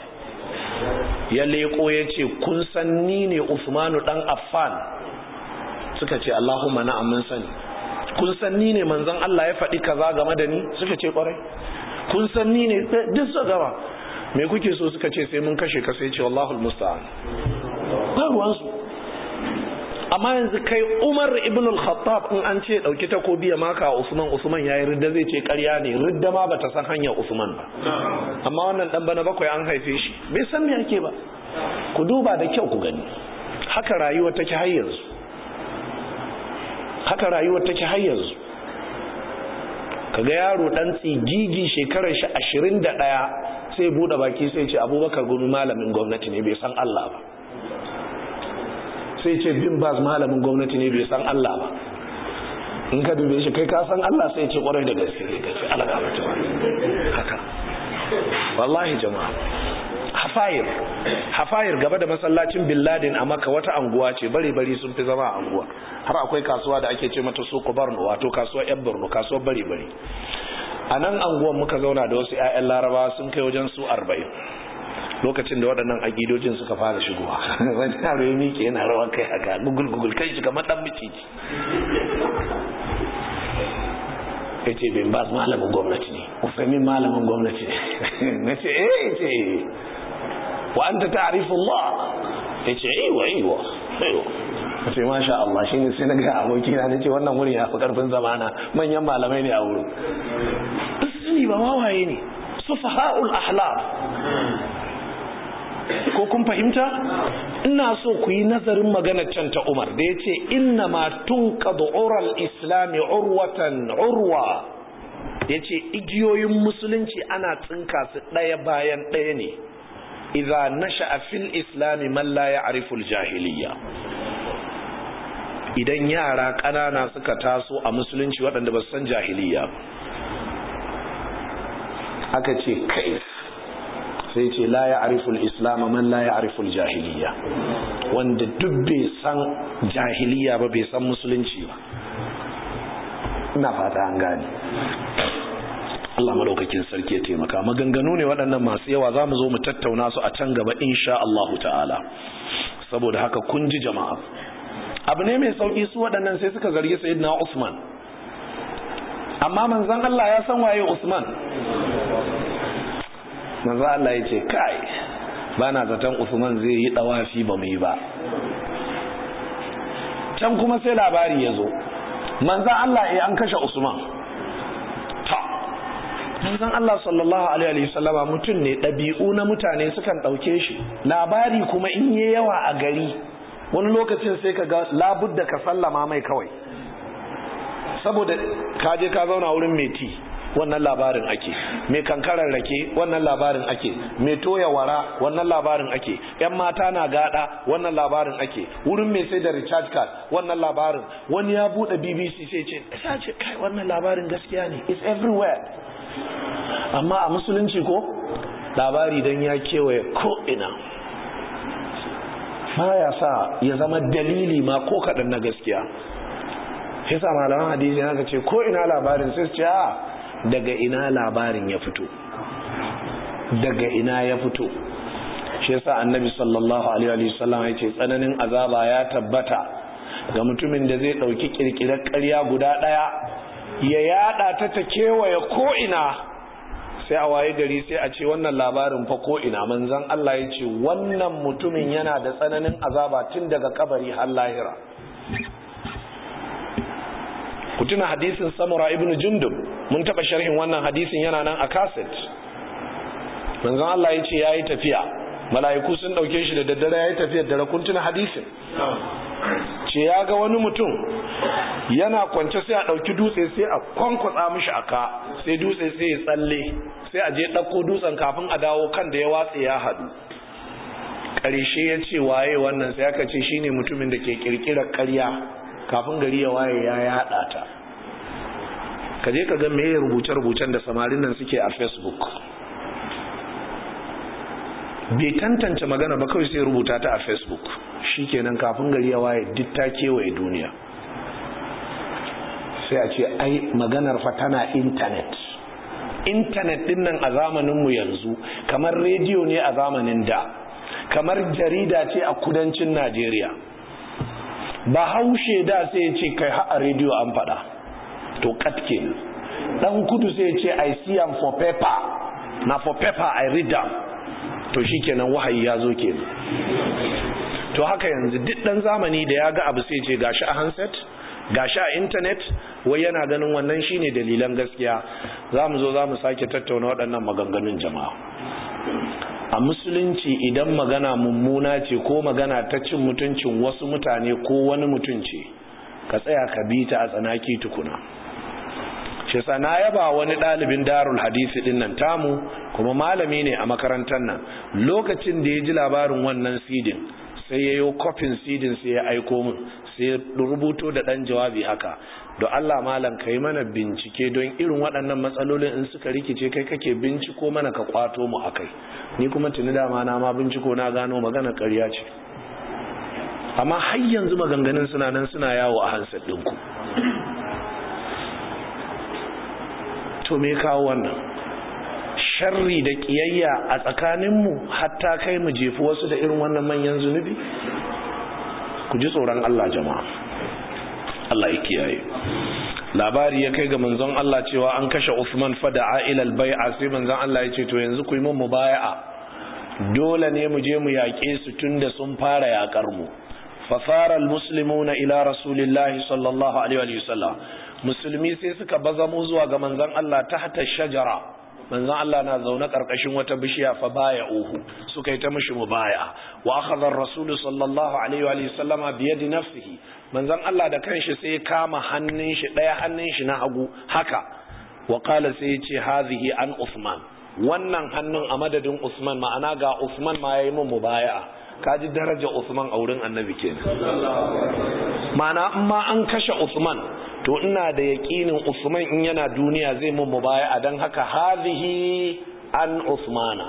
ya leko ya ce kun san ni ne usmanu dan affan suka ce allahumma na'am mun sani kun san ni ne manzon Allah ya faɗi kaza game da ni suka ce kwarai kun san ni ne eh, duk su gaba me kuke so suka ce sai mun kashe ka sai ce wallahu musta'an babu ruwansu amma yanzu kai Umar ibn al-Khattab in an ce dauki takobi ya maka Usman Usman yayi ridda zai ce ƙarya ne ridda ma bata san hanyar Usman ba amma wannan dan bana bakwai an haife shi bai san me yake ba ku duba da kyau ku gani haka rayuwa take har yanzu haka rayuwar take har yanzu kaga yaro dan tsigigi shekarar shi ashirin da ɗaya sai buɗe baki sai ce abubakar gumi malamin gwamnati ne bai san Allah ba sai ce bin baz malamin gwamnati ne bai san Allah ba in ka dube shi kai ka san Allah sai ce kwarai da gaske ne ka ce alƙawata haka wallahi jama'a hafayir hafayir gaba da masallacin ladin a maka wata anguwa ce bare bare sun fi zama a anguwa har akwai kasuwa da ake ce mata suku barno wato kasuwa yan barno kasuwa bare bare a nan anguwan muka zauna da wasu 'ya'yan larabawa sun kai wajen su arba'in lokacin da waɗannan agidojin suka fara shigowa wani yaro ya miƙe yana rawa kai ga gugul-gugul kai shiga matan ɗan miciji ya ce bin ba malamin gwamnati ne ufamin malamin gwamnati ne na ce eh ce wa anta ta'rifu Allah yace aiwa aiwa sai masha Allah shi ne sai na ga aboki na ce wannan wuri ya fi karfin zamana manyan malamai ne a wurin sani ba wawaye ne sufaha'ul ahlaf ko kun fahimta ina so ku yi nazarin magana can ta Umar da yace inna ma tunqadu ural islami urwatan urwa yace igiyoyin musulunci ana tsinka su ɗaya bayan ɗaya ne idza nasha'a fil islam man la ya al jahiliya, idan yara ƙanana suka taso a musulunci waɗanda ba su san jahiliya aka ce kai sai ce la ya ariful islam man la ya ariful jahiliya wanda duk bai san jahiliya ba bai san musulunci ba ina fata an gani. Allah madaukakin sarki ya taimaka maganganu ne waɗannan masu yawa za mu zo mu tattauna su a can gaba insha Allahu ta'ala saboda haka kun ji jama'a abu ne mai sauki su waɗannan sai suka zargi sayyidina Usman amma manzon Allah ya san waye Usman manzon Allah ya ce kai bana zaton Usman zai yi dawafi ba mu yi ba can kuma sai labari ya zo manzon Allah eh an kashe Usman manzon Allah sallallahu alaihi wa sallama mutum ne ɗabi'u na mutane sukan ɗauke shi labari kuma in yi yawa a gari wani lokacin sai ka ga labudda ka sallama mai kawai saboda ka je ka zauna wurin meti wannan labarin ake mai kankarar rake wannan labarin ake mai toya wara wannan labarin ake yan mata na gada wannan labarin ake wurin mai sai da recharge card wannan labarin wani ya bude bbc sai ce ce kai wannan labarin gaskiya ne it's everywhere amma a musulunci ko labari don ya kewaye ko'ina ya sa ya zama dalili ma ko kaɗan na gaskiya shi sa malaman hadisi haka ce ina labarin sai ce ah, daga ina labarin ya fito daga ina ya fito shi yasa annabi sallallahu alaihi wa sallam ya ce tsananin azaba ya tabbata ga mutumin da zai ɗauki kirkirar ƙarya guda ɗaya? ya yada ta ta kewaye ko'ina sai a waye gari sai a ce wannan labarin fa ko'ina manzan Allah ya ce wannan mutumin yana da tsananin azaba tun daga kabari har lahira ku tuna hadisin samura ibnu jundub mun taba sharhin wannan hadisin yana nan a kaset manzan Allah ya ce yayi tafiya mala'iku sun dauke shi da daddare yayi tafiyar da rakuntun hadisin ce ya ga wani mutum yana kwance sai a dauki dutse sai a kwankwatsa mishi aka sai dutse sai ya tsalle sai a je dauko dutsen kafin a dawo kan da ya watse ya hadu karshe ya ce waye wannan sai aka ce shine mutumin da ke kirkirar karya kafin gari ya waye ya yada ta ka je ka ga meye rubuce-rubucen da samarin nan suke a facebook bai tantance magana ba kawai sai rubuta ta a facebook shi kenan kafin gari ya waye duk ta kewaye duniya sai a ce ai maganar fa tana intanet intanet din nan a zamaninmu yanzu kamar rediyo ne a zamanin da kamar jarida ce a kudancin najeriya ba haushe da sai ce kai a rediyo an faɗa to katke dan kudu sai ce i see am for paper na for paper i read them to shi kenan wahayi ya zo ke to haka yanzu duk dan zamani da ya ga abu sai ce gashi a handset gashi a intanet wai yana ganin wannan shine dalilan gaskiya za mu zo za mu sake tattauna waɗannan maganganun jama'a a musulunci idan magana mummuna ce ko magana ta cin mutuncin wasu mutane ko wani mutunci ka tsaya ka bi ta a tsanaki tukuna ce tsana na yaba wani ɗalibin darul hadisi din nan tamu kuma malami ne a makarantar nan lokacin da ya ji labarin wannan sidin sai ya yi kofin sidin sai ya aiko mun sai rubuto da ɗan jawabi haka Do Allah malam ka yi mana bincike don irin waɗannan matsalolin in suka rikice kai kake binciko mana ka kwato mu a kai ni kuma tuni dama na ma binciko na gano magana ƙarya ce amma har yanzu maganganun suna nan suna yawo a hansar ɗinku to me kawo wannan sharri da kiyayya a tsakaninmu hatta kai mu jefu wasu da irin wannan manyan zunubi ku ji tsoron Allah jama'a Allah ya kiyaye labari ya kai ga manzon Allah cewa an kashe Uthman fada ila al-bai'a sai manzon Allah ya ce to yanzu ku yi mu mubaya'a dole ne mu je mu yaƙe su tunda sun fara yaƙar mu fa fara al-muslimuna ila rasulillahi sallallahu alaihi wa sallam musulmi sai suka bazamo zuwa ga manzon Allah ta hata shajara manzon Allah na zaune karkashin wata bishiya fa baya uhu suka yi ta mishi mubaya wa akhadha ar-rasul sallallahu alaihi wa sallama bi yadi nafsihi manzon Allah da kanshi sai ya kama hannun shi daya hannun shi na hagu haka wa qala sai ya ce hadhihi an usman wannan hannun a madadin usman ma'ana ga usman ma yayi min mubaya ka ji daraja Usman a wurin annabi kenan ma'ana in ma an kashe Usman to ina da yakinin usman in yana duniya zai mun a don haka hazihi an usmana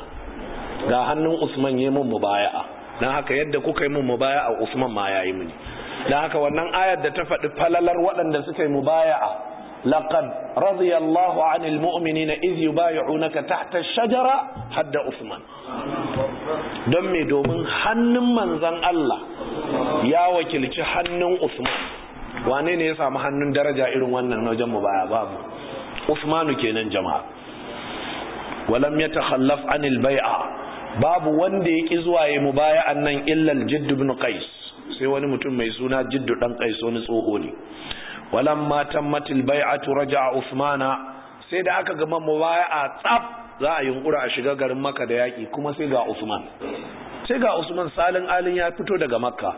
ga hannun usman ya mun mubaya'a don haka yadda kuka yi mun a usman ma ya yi mini don haka wannan ayar da ta faɗi falalar waɗanda suka yi mubaya'a لقد رضي na عن المؤمنين إذ tahta تحت shajara hadda Usman. don me domin hannun manzan Allah ya wakilci hannun Usman wane ne ya samu hannun daraja irin wannan wajen mu baya babu usmanu kenan jama'a walam yatakhallaf anil bai'a babu wanda ya ki zuwa ya mu baya annan illa al-jidd qais sai wani mutum mai suna jiddu dan qais wani tsoho ne walam ma tammatil bai'atu raja'a usmana sai da aka gama mu baya a tsaf za a yunkura a shiga garin makka da yaki kuma sai ga usman sai ga usman salin alin ya fito daga makka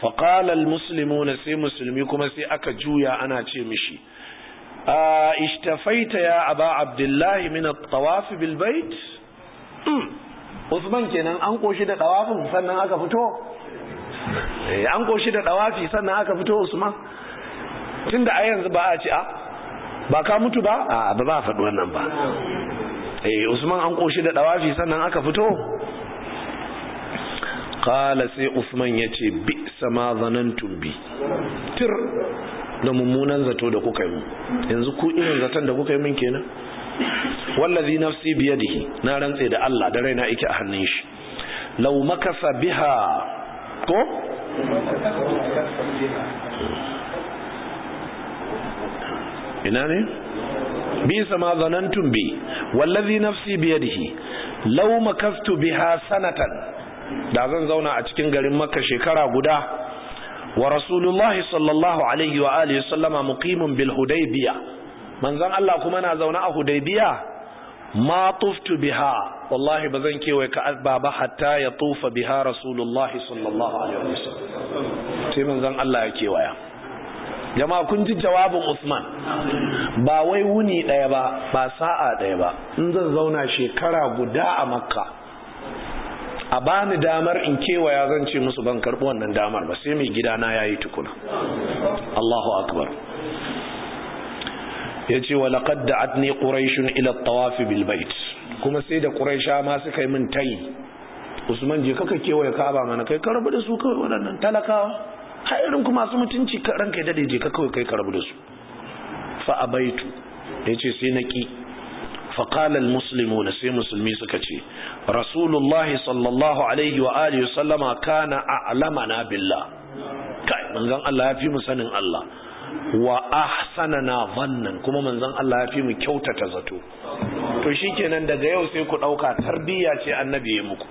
faƙalar Musulmuna sai musulmi kuma sai aka juya ana ce mishi a ishtafaita ya aba abdullahi min tawafi bilbait usman kenan an koshi da tawafin sannan aka fito an koshi da tawafi sannan aka fito usman tun da a yanzu ba a ci a ba ka mutu ba a ba ba faɗi wannan ba usman an koshi da tawafi sannan aka fito qala sai usman ce bi sama zanantum bi tir da mummunan zato da kuka yi yanzu ku irin zaton da kuka yi min kenan wallazi nafsi biyadihi na rantse da Allah da raina yake a hannun shi law makasa biha ko ina ne bi sama zanantum bi wallazi nafsi biyadihi law makastu biha sanatan da zan zauna a cikin garin makka shekara guda wa rasulullahi sallallahu alaihi wa alihi sallama muqimun bil hudaybiya manzon Allah kuma na zauna a hudaybiya ma tuftu biha wallahi ba zan kewaye ka ba hatta ya tufa biha rasulullahi sallallahu alaihi wa sallam sai manzon Allah ya kewaya jama'a kun ji jawabin Usman ba wai wuni daya ba ba sa'a daya ba in zan zauna shekara guda a makka a bani damar in kewaya zan ce musu ban karɓi wannan damar ba sai mai gidana ya yi tukuna Allahu akbar ya ce wa laƙad da adni ƙuraishun ila tawafi bilbait kuma sai da ƙuraisha ma suka yi min tayi usman je kaka kewaye kaba mana kai ka da su kawai waɗannan talakawa har irin kuma su mutunci ranka ya daɗe je ka kai ka da su fa abaitu ya ce sai na ƙi فقال المسلمون سي مسلمي سكتي رسول الله صلى الله عليه وآله وسلم كان أعلمنا بالله كاي من ذن الله يفي مسنن الله وأحسننا ظنا كما من ذن الله يفي مكوتة تزتو to shikenan daga yau sai ku dauka tarbiyya ce annabi ya muku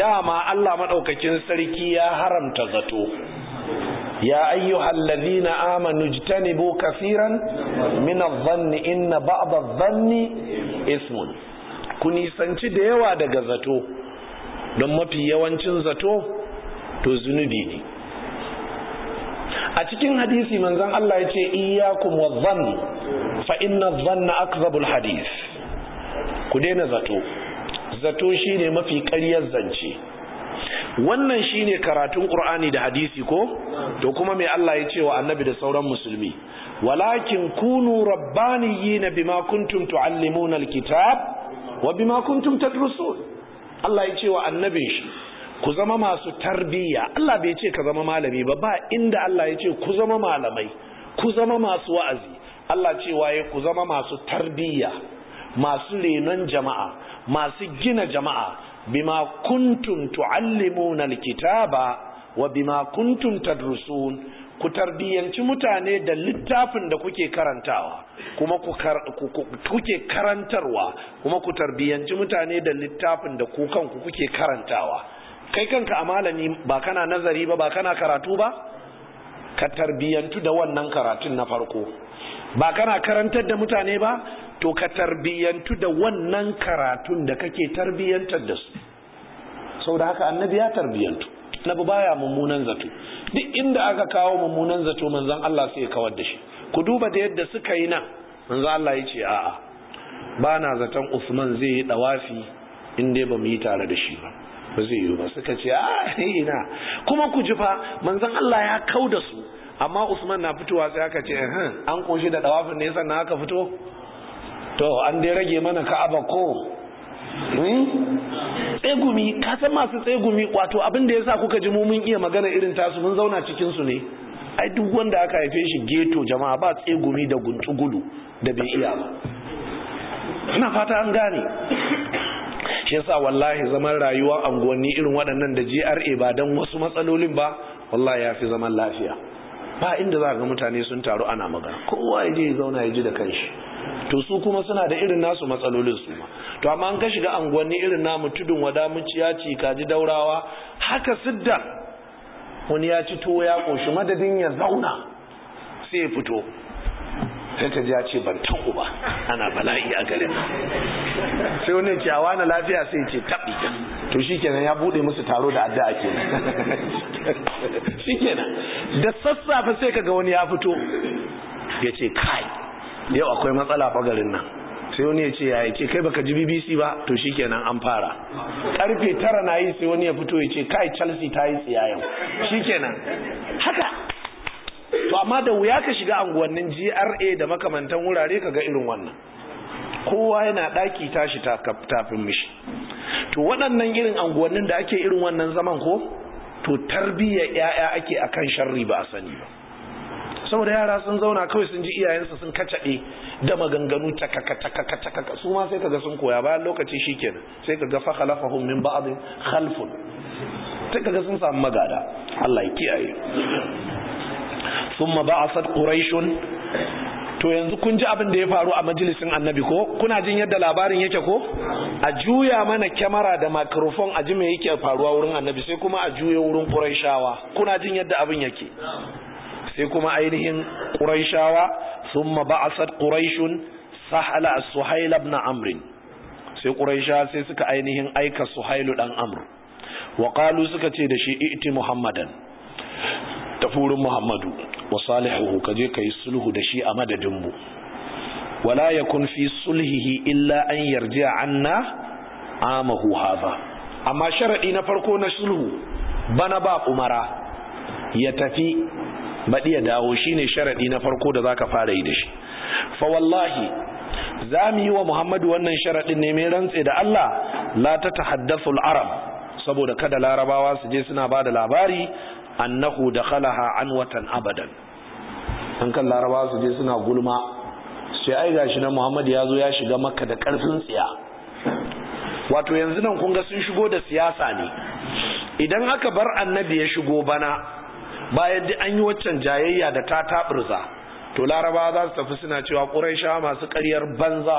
dama Allah madaukakin sarki ya haramta zato Ya يا أيها الذين آمنوا اجتنبوا كثيرا من الظن إن بعض الظن Ku nisanci da yawa daga zato don mafi yawancin zato to zunubi ne a cikin hadisi manzon Allah yace ce iyyakum wadh-dhann fa inna adh-dhanna ku daina zato zato shine mafi karyar zance wannan shine karatun qur'ani da hadisi ko to kuma mai Allah ya ce wa annabi da sauran musulmi walakin kunu rabbaniyina bima kuntum tuallimuna alkitab wa bima kuntum tadrusun Allah ya ce wa annabin shi ku zama masu tarbiyya Allah bai ce ka zama malami ba ba inda Allah ya ce ku zama malamai ku zama masu wa'azi Allah ce waye ku zama masu tarbiyya masu renon jama'a masu gina jama'a bima kuntum tuallimuna alkitaba wa bima kuntum tadrusun ku tarbiyyanci mutane da littafin da kuke karantawa kuma kuke karantarwa kuma ku tarbiyanci mutane da littafin da ku kanku kuke karantawa kai kanka a malami ba kana nazari ba ba kana karatu ba ka tarbiyyantu da wannan karatun na farko ba kana karantar da mutane ba to ka tarbiyyantu da wannan karatun da kake tarbiyyantar da su Sau da haka annabi ya tarbiyyantu. na ba baya mummunan zato duk inda aka kawo mummunan zato manzan Allah sai ya kawar da shi ku duba da yadda suka yi nan manzan Allah ya ce a'a ba na zaton Usman zai yi dawafi in dai ba mu yi tare da shi ba ba zai yi ba suka ce a ina kuma ku ji fa manzon Allah ya kau da su amma Usman na fitowa sai aka ce an kunshi da dawafin ne sannan aka fito to an dai rage mana ka'aba ko hmm? tsegumi ka san masu tsegumi wato abin da yasa kuka ji mu mun iya magana irin tasu mun zauna cikin su ne ai duk wanda aka haife shi ghetto jama'a ba tsegumi da gudu da bai iya ba ina fata an gane shi yasa wallahi zaman rayuwar anguwanni irin waɗannan da GRA ba dan wasu matsalolin ba wallahi ya fi zaman lafiya ba inda za ga mutane sun taru ana magana kowa ya je zauna ya ji da kanshi to su kuma suna da irin nasu matsalolin su ma to amma an ka shiga anguwanni irin namu tudun wada muciya ci kaji daurawa haka siddan wani ya ci to ya koshi madadin ya zauna sai ya fito sai ta ji ya ce ban taku ba ana bala'i a garin sai wani ce a wani lafiya sai ce tabi to shi kenan ya bude musu taro da shi kenan da sassafe sai kaga wani ya fito ya ce kai yau akwai matsala fa garin nan sai wani ya ce ya ce kai baka ji BBC ba to shi kenan an fara karfe tara na yi sai wani ya fito ya ce kai Chelsea ta yi tsiya shi kenan haka to amma da wuya ka shiga anguwannin GRA da makamantan wurare kaga irin wannan kowa yana daki tashi tafin mishi to waɗannan irin anguwannin da ake irin wannan zaman ko to tarbiyyar yaya ake kan sharri ba a sani ba saboda yara sun zauna kawai sun ji iyayensu sun kacaɗe da maganganu takaka su ma sai kaga sun koya bayan lokaci shikenan sai kaga fa khalafahum min ba'd khalfun sai kaga sun samu magada Allah ya kiyaye thumma ba'athat quraish to yanzu kun ji abin da ya faru a majalisin annabi ko kuna jin yadda labarin yake ko a juya mana kyamara da microphone a ji me yake faruwa wurin annabi sai kuma a juya wurin quraishawa kuna jin yadda abin yake sai kuma ainihin quraishawa thumma ba'asat quraish sahala as-suhail ibn amr sai quraisha sai suka ainihin aika suhailu dan amr wa qalu suka ce da shi iti muhammadan tafurin muhammadu wa salihuhu ka je ka sulhu da shi a mu wala yakun fi sulhihi illa an yarji'a anna amahu hadha amma sharadi na farko na sulhu bana ba umara ya tafi baɗi ya dawo shine sharadi na farko da zaka fara yi da shi fa wallahi za mu yi wa muhammadu wannan sharaɗin ne mai rantse da Allah la ta tahaddathu al-arab saboda kada larabawa su je suna ba da labari annahu dakhalaha anwatan abadan an kan laraba su je suna gulma sai ai gashi na Muhammad ya zo ya shiga Makka da karfin tsiya wato yanzu nan kun ga sun shigo da siyasa ne idan aka bar annabi ya shigo bana bayan da an yi waccan jayayya da ta taɓurza to laraba za su tafi suna cewa ƙuraisha masu ƙaryar banza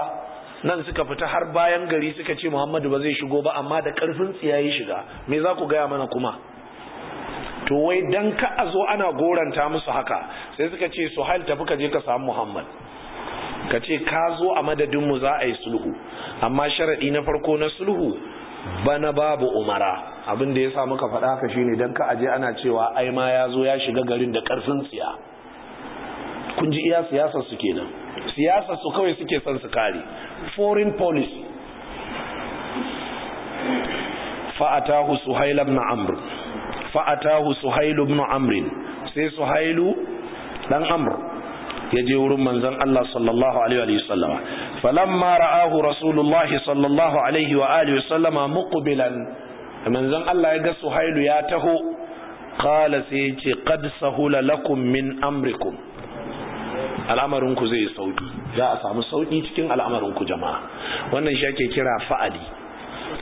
nan suka fita har bayan gari suka ce muhammadu ba zai shigo ba amma da ƙarfin tsiya ya shiga me za ku gaya mana kuma to wai dan ka a zo ana goranta musu haka sai suka ce su hal tafi ka je ka samu muhammad ka ce ka zo a madadinmu za a yi sulhu amma sharaɗi na farko na sulhu bana babu umara abin da ya sa muka faɗa haka shine dan ka aje ana cewa ai ma ya zo ya shiga garin da ƙarfin tsiya kun ji iya siyasar su kenan siyasar su kawai suke son su kare foreign policy fa'atahu suhaila ibn amr fa'atahu suhailu ibn amrin sai suhailu ɗan amr ya je wurin manzan Allah sallallahu alaihi wa sallama falamma ra'ahu rasulullah sallallahu alaihi wa alihi wa sallama muqbilan manzan Allah ya ga suhailu ya taho Kala sai ya ce qad sahula lakum min amrikum al'amarin zai sauki za a samu sauki cikin al'amarin jama'a wannan shi ake kira fa'ali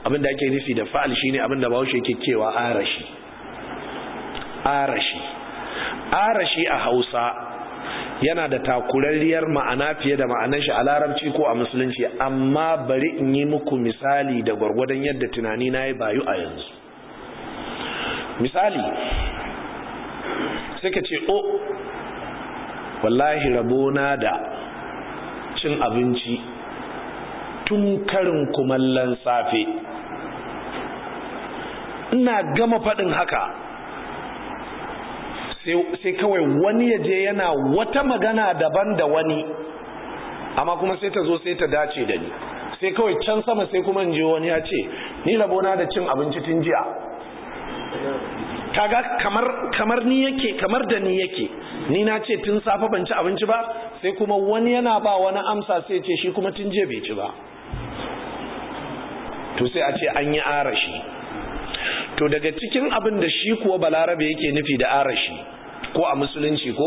abin da ake nufi da fa'al shine abin da bahaushe yake cewa arashi arashi arashi a hausa yana da takurariyar ma'ana fiye da ma'anar shi a larabci ko a musulunci amma bari in yi muku misali da gwargwadon yadda tunani na yi bayu a yanzu misali suka ce o oh, wallahi na da cin abinci tun karin kumallon safe ina gama faɗin haka sai kawai wani ya je yana wata magana daban da wani amma kuma sai ta zo sai ta dace da ni sai kawai can sama sai kuma je wani ya ce ni labona da cin abinci tun jiya kaga kamar kamar ni yake kamar da ni yake ni na ce tun safe ban ci abinci ba sai kuma wani yana ba wani amsa sai ce shi kuma tun jiya bai ci ba to sai a ce an yi arashi to daga cikin abin da shi kuwa balarabe yake nufi da arashi ko a musulunci ko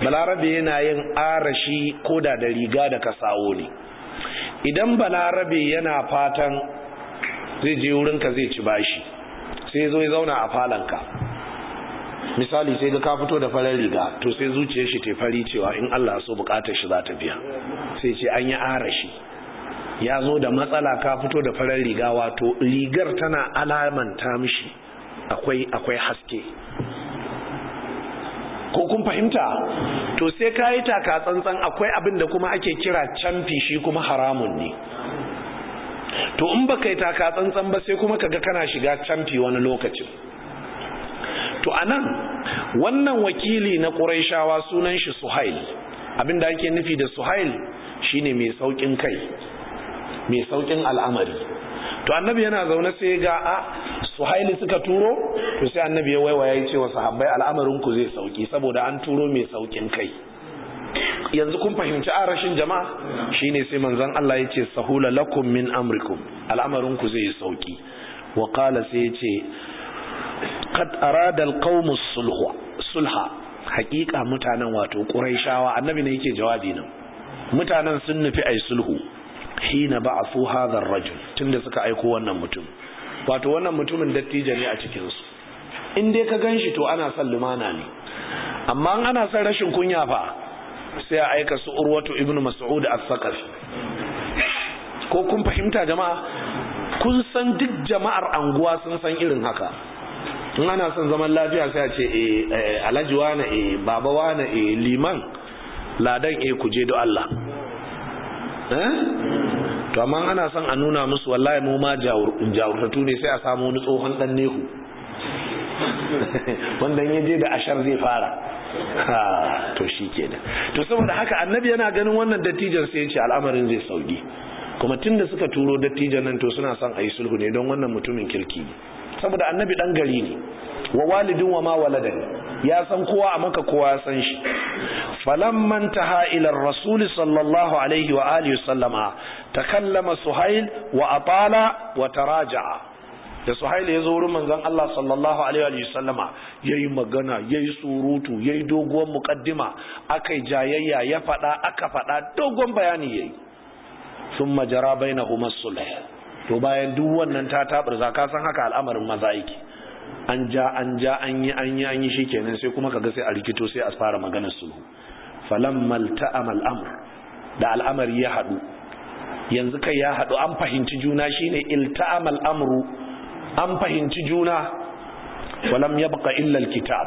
balarabe yana yin arashi ko da da riga da kasawo ne idan balarabe yana fatan zai je wurinka zai ci bashi sai zo ya zauna a falanka misali sai ga ka fito da farar riga to sai zuciyar shi ta fari cewa in Allah so bukatar shi za ta biya sai ce an yi arashi ya zo da matsala ka fito da farar riga wato rigar tana alamanta mishi akwai akwai haske ko kun fahimta to sai ka yi taka tsantsan akwai abin da kuma ake kira canfi shi kuma haramun ne to in baka yi taka tsantsan ba sai kuma kaga kana shiga canfi wani lokacin to anan wannan wakili na ƙuraishawa sunan shi suhail abin da ake nufi da suhail shine mai saukin kai mai saukin al'amari to annabi yana zaune sai ga a suhaili suka turo to sai annabi ya waiwaye ya ce wa sahabbai al'amarin ku zai sauki saboda an turo mai saukin kai yanzu kun fahimci a rashin jama'a shine sai manzon Allah ya ce sahula lakum min amrikum al'amarin ku zai sauki wa qala sai ya ce qad arada alqawm sulha sulha haqiqa mutanen wato quraishawa annabi ne yake jawabi nan mutanen sun nufi ai sulhu hina ba a ba'athu hadha rajin tun da suka aiko wannan mutum wato wannan mutumin dattijo ne a cikinsu su in dai ka shi to ana san lumana ne amma in ana son rashin kunya fa sai a aika su urwatu ibnu mas'ud as ko kun fahimta jama'a kun san duk jama'ar anguwa sun san irin haka in ana son zaman lafiya sai a ce eh, eh alhaji wane eh baba wane eh liman ladan eh kuje do Allah eh? to amma ana son a nuna musu wallahi mu ma jawurtatu ne sai a samu wani tsohon dan nehu wanda ya je da ashar zai fara ha to shi kenan to saboda haka annabi yana ganin wannan dattijan sai ya ce al'amarin zai sauki kuma tunda suka turo dattijan nan to suna son a yi sulhu ne don wannan mutumin kirki saboda annabi dan gari ne wa walidin wa ma waladan ya san kowa a maka kowa ya san shi Falan manta ha'ilar rasul sallallahu alaihi wa alihi sallama kallama suhail wa Abala wa taraja'a da suhail ya zo wurin manzon Allah sallallahu alaihi wa sallama yayi magana yayi surutu yayi doguwar muqaddima akai jayayya ya fada aka fada dogon bayani yayi thumma jara bainahuma sulh to bayan duk wannan ta tabar ka san haka al'amarin maza yake an ja an ja an yi an yi an yi shikenan sai kuma kaga sai a rikito sai a fara maganar sulhu malta amal amr da al'amari ya hadu yanzu kai ya hadu an fahimci juna shine ilta'am amru an fahimci juna walam yabqa illa alkitab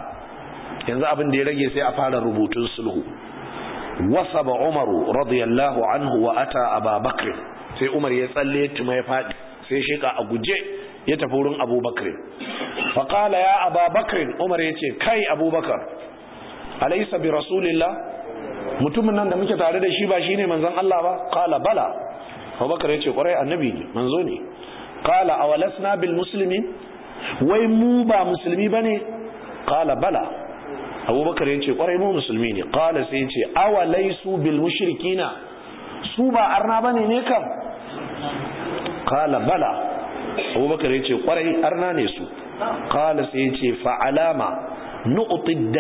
kitab yanzu abin da ya rage sai a fara rubutun sulhu wasaba umaru radiyallahu anhu wa ata ababakr sai umar ya tsalle tuma ya fadi sai shika a guje ya tafi wurin abubakar faƙala ya ababakar umar ya ce kai abubakar alaisa bi rasulillah mutumin nan da muke tare da shi ba shi ne manzan Allah ba ƙala bala abubakar ya ce ƙwarai annabi ne manzo ne ƙala a walasna bil musulmi wai mu ba musulmi ba ne ƙala bala abubakar ya ce ƙwarai mu musulmi ne ƙala sai ya ce awalaisu bil mushrikina su ba arna ba ne ne kam ƙala bala abubakar ya ce kwarai arna ne su kala sai ya ce fa'alama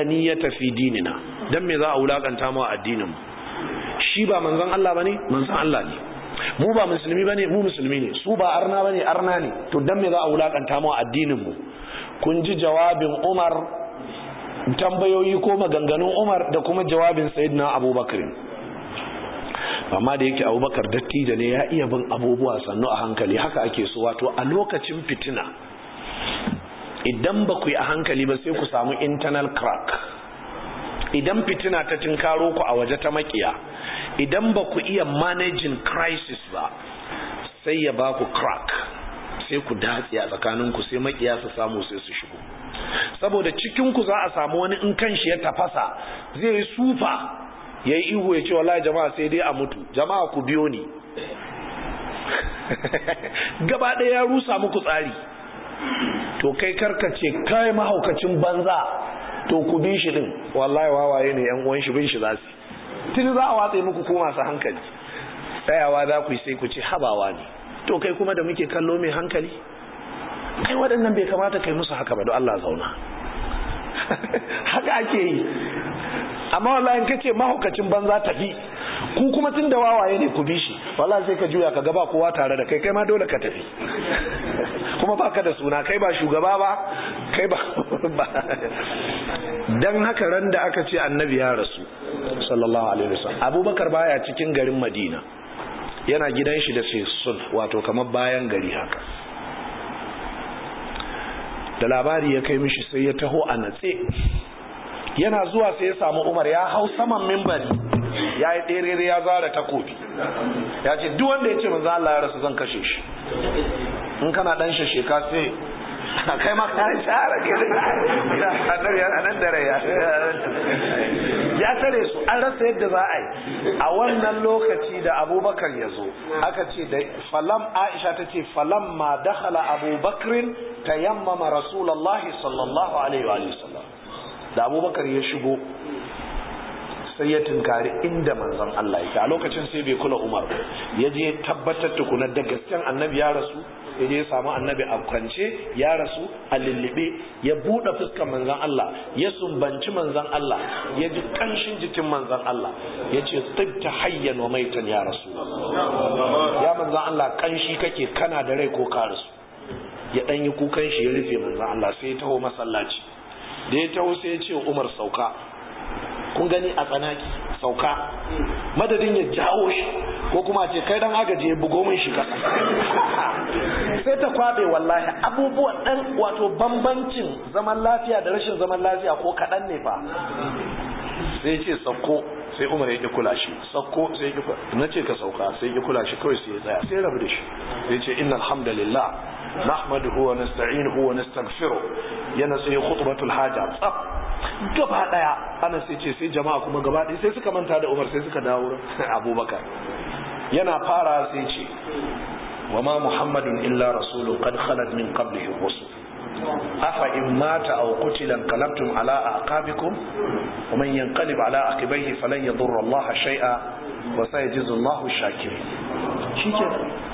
ni ya tafi dinina Don me za a wulakanta ma a addinin mu shi ba manzan Allah bane Manzan Allah ne mu ba musulmi bane mu musulmi ne su ba arna bane arna ne to don me za a wulakanta ma a addinin mu kun ji jawabin Umar tambayoyi ko maganganun Umar da kuma jawabin sayidina Abubakar amma da yake abubakar dattijo ne ya iya bin abubuwa sannu a hankali haka ake so wato a lokacin fitina idan ba ku yi a hankali ba sai ku samu internal crack idan fitina ta karo ku a waje ta makiya idan ba ku iya managing crisis ba sai ya ba ku crack sai ku datse a ku sai makiya su samu sai su shigo saboda cikin ku za a samu wani in kanshi ya tafasa zai yi sufa yayi ihu ya ce wallahi jama'a sai dai a mutu jama'a ku biyo ni gaba ɗaya ya rusa muku tsari to kai ce kai mahaukacin banza to ku bin shi din wallahi wawaye ne yan uwan shi bin shi zasu tun za a watsa muku ko masu hankali tsayawa za ku yi sai ku ce habawa ne to kai kuma da muke kallo mai hankali kai waɗannan bai kamata kai musu haka ba don Allah zauna haka ake yi amma wallahi in kace mahaukacin banza tafi ku kuma tun da wawaye ne ku bi shi wallahi sai ka juya ka gaba kowa tare da kai kai ma dole ka tafi kuma baka da suna kai ba shugaba ba kai ba dan haka ran da aka ce annabi ya rasu sallallahu alaihi wasallam abubakar baya cikin garin madina yana gidan shi da sesul wato kamar bayan gari haka da labari ya kai mishi sai ya taho a natse yana zuwa sai ya samu umar ya hau saman mimbari ya yi tsere ya zara takobi ya ce duk wanda ya ce manzo zala ya rasu zan kashe shi in kana dan sheka sai kai ma ka tsara ke da nan dare ya ya tare su an rasa yadda za a yi a wannan lokaci da abubakar ya zo aka ce da falam aisha ta ce falam ma dakhala yamma ma Rasulallah sallallahu alaihi wa sallam da abubakar ya shigo sai ya tunkari inda manzan Allah ya a lokacin sai bai kula Umar ya je tabbatar tukunar da gasken annabi ya rasu ya je samu annabi a kwance ya rasu a lullube ya buɗe fuskar manzan Allah ya sumbanci manzan Allah ya ji ƙanshin jikin manzan Allah ya ce ta hayyan wa maitan ya rasu ya manzan Allah ƙanshi kake kana da rai ko ka rasu ya ɗan yi kukan shi ya rufe manzan Allah sai ya taho masallaci da ya taho sai ya ce umar sauka kun gani a tsanaki sauka madadin ya jawo shi ko kuma ce kai dan agaji ya bugo min shiga sai ta kwabe wallahi abubuwan dan wato bambancin zaman lafiya da rashin zaman lafiya ko kaɗan ne ba sai ce sauko sai umar ya ƙi kula shi sauko sai ya ƙi kula na ce ka sauka sai ya ƙi kula shi kawai sai ya tsaya sai rabu da shi sai ce inna alhamdulillah نحمده ونستعينه ونستغفره yana sai khutbatul haja tsaf gaba daya ana sai ce sai jama'a kuma gaba daya sai suka manta da Umar sai suka dawo Abubakar yana fara sai ce wa ma Muhammadun illa rasulu qad khalat min qablihi rusul afa in mata aw qutila qalabtum ala aqabikum wa man yanqalib ala aqibaihi falan yadurra Allah shay'a wa sayajizu Allah shakirin shikenan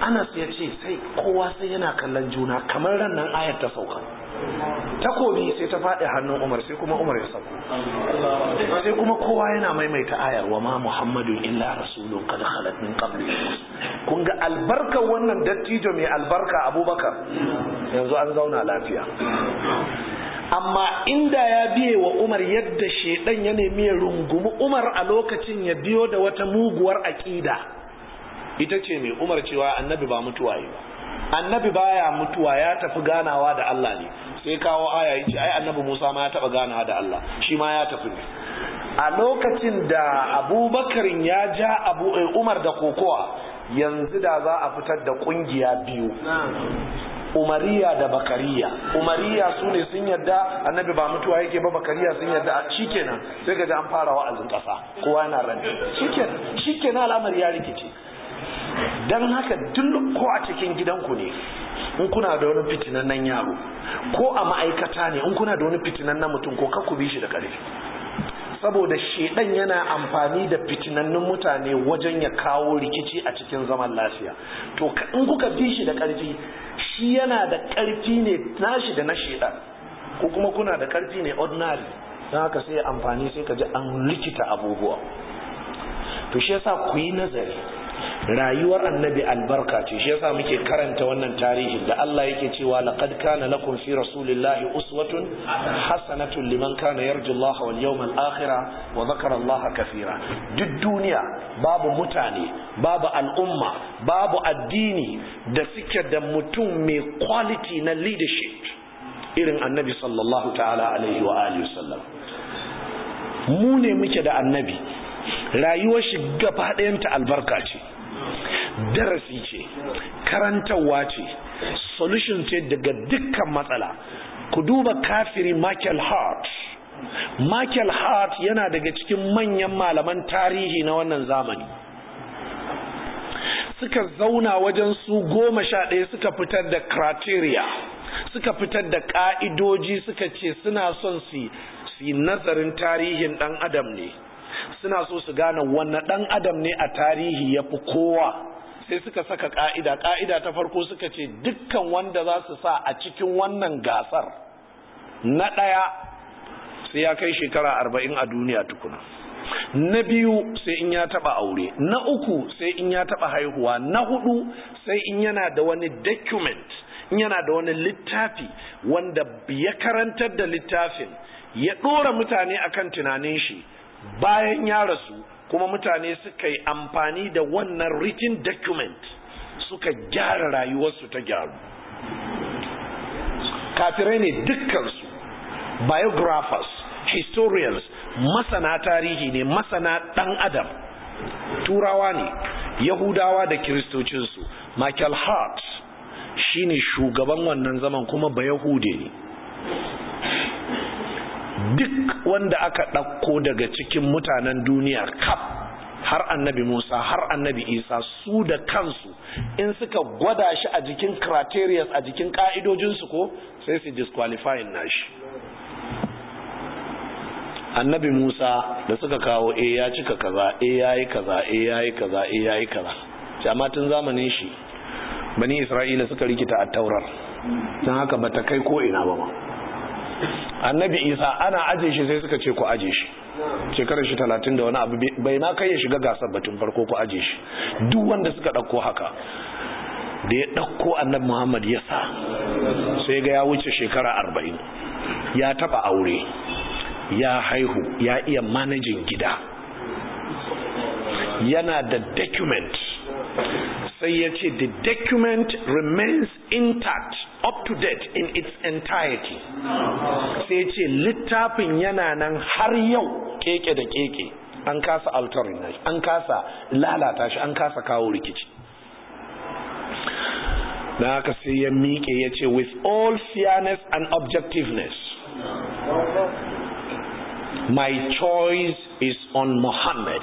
anas ya ce sai kowa sai yana kallon juna kamar ran nan ayar ta sauka takobi sai ta faɗi hannun umar sai kuma umar ya sauka. sai kuma kowa yana maimaita ayar wa ma muhammadun illa rasulun qad khalat min qabli kun ga albarkar wannan dattijo mai albarka abubakar yanzu an zauna lafiya amma inda ya biye wa Umar yadda shedan ya nemi ya rungumi Umar a lokacin ya biyo da wata muguwar aƙida ita ce mai umar cewa annabi ba mutuwa yi ba annabi baya mutuwa ya tafi ganawa da Allah ne sai kawo aya ya ce ai annabi Musa ma ya taba ganawa da Allah shi ma ya tafi ne a lokacin da Abubakar ya ja Abu eh, Umar da kokowa yanzu da za a fitar da kungiya biyu umariya da bakariya umariya su ne sun yadda annabi ba mutuwa yake ba bakariya sun yadda a shikenan sai ga an fara wa'azin kasa kowa yana ranta shikenan shikenan al'amari ya rikice don haka duk ko a cikin gidanku ne in kuna da wani nan yaro ko a ma'aikata ne in kuna da wani nan mutum ko kakku bi shi da ƙarfi saboda shedan yana amfani da fitinannun mutane wajen ya kawo rikici a cikin zaman lafiya to in kuka bi shi da ƙarfi shi yana da karfi ne nashi da na shedan ko kuma kuna da ƙarfi ne ordinary don haka sai amfani sai ka ji an likita abubuwa to shi yasa ku yi nazari rayuwar annabi albarka ce shi yasa muke karanta wannan tarihi da Allah yake cewa laqad kana lakum fi rasulillahi uswatun hasanatun liman kana yarju Allah wal yawmal akhir wa dhakara Allah kaseera duk duniya babu mutane babu al'umma babu addini da suke da mutum mai quality na leadership irin annabi sallallahu ta'ala alaihi wa alihi wasallam mu ne muke da annabi rayuwar shi gaba ɗayanta albarka ce darasi ce karantarwa ce solution ce daga dukkan matsala ku duba kafiri Michael Hart Michael Hart yana daga cikin manyan malaman tarihi na wannan zamani suka zauna wajen su goma sha ɗaya suka fitar da criteria suka fitar da ƙa'idoji suka ce suna son su yi nazarin tarihin ɗan adam ne suna so su gane wanne dan adam ne a tarihi ya fi kowa sai suka saka ka'ida ka'ida ta farko suka ce dukkan wanda za su sa a cikin wannan gasar na ɗaya sai ya kai shekara arba'in a duniya tukuna na biyu sai in ya taba aure na uku sai in ya taba haihuwa na hudu sai in yana da wani document in yana da wani littafi wanda ya karantar da littafin ya ɗora mutane akan tunanin shi bayan ya rasu kuma mutane suka yi amfani da wannan written document suka gyara rayuwarsu ta gyaru kafirai ne dukkansu biographers historians masana tarihi ne masana dan adam turawa ne yahudawa da kiristocinsu michael hart shine shugaban wannan zaman kuma ba yahude ne duk wanda aka ɗauko daga cikin mutanen duniya kaf har annabi Musa har annabi Isa su da kansu in suka gwada shi a jikin criteria a jikin ka'idojinsu ko sai su disqualifying nashi annabi Musa da suka kawo e ya cika kaza eh yayi kaza eh yayi kaza eh yayi kaza amma tun zamanin shi bani Isra'ila suka rikita a taurar dan haka bata kai ko ina ba ma annabi isa ana aje shi sai suka ce ku aje shi shekarar shi talatin da wani abu bai na kai ya shiga gasar batun farko ku aje shi duk wanda suka ɗauko haka da ya ɗauko annabi muhammad ya sa sai ga ya wuce shekara arba'in ya taɓa aure ya haihu ya iya manajin gida yana da document sai ya ce the document remains intact up to date in its entirety sai ce littafin yana nan har yau keke da keke an kasa altering shi an kasa lalata shi an kasa kawo rikici da haka sai ya miƙe ya ce with all fairness and objectiveness my choice is on Muhammad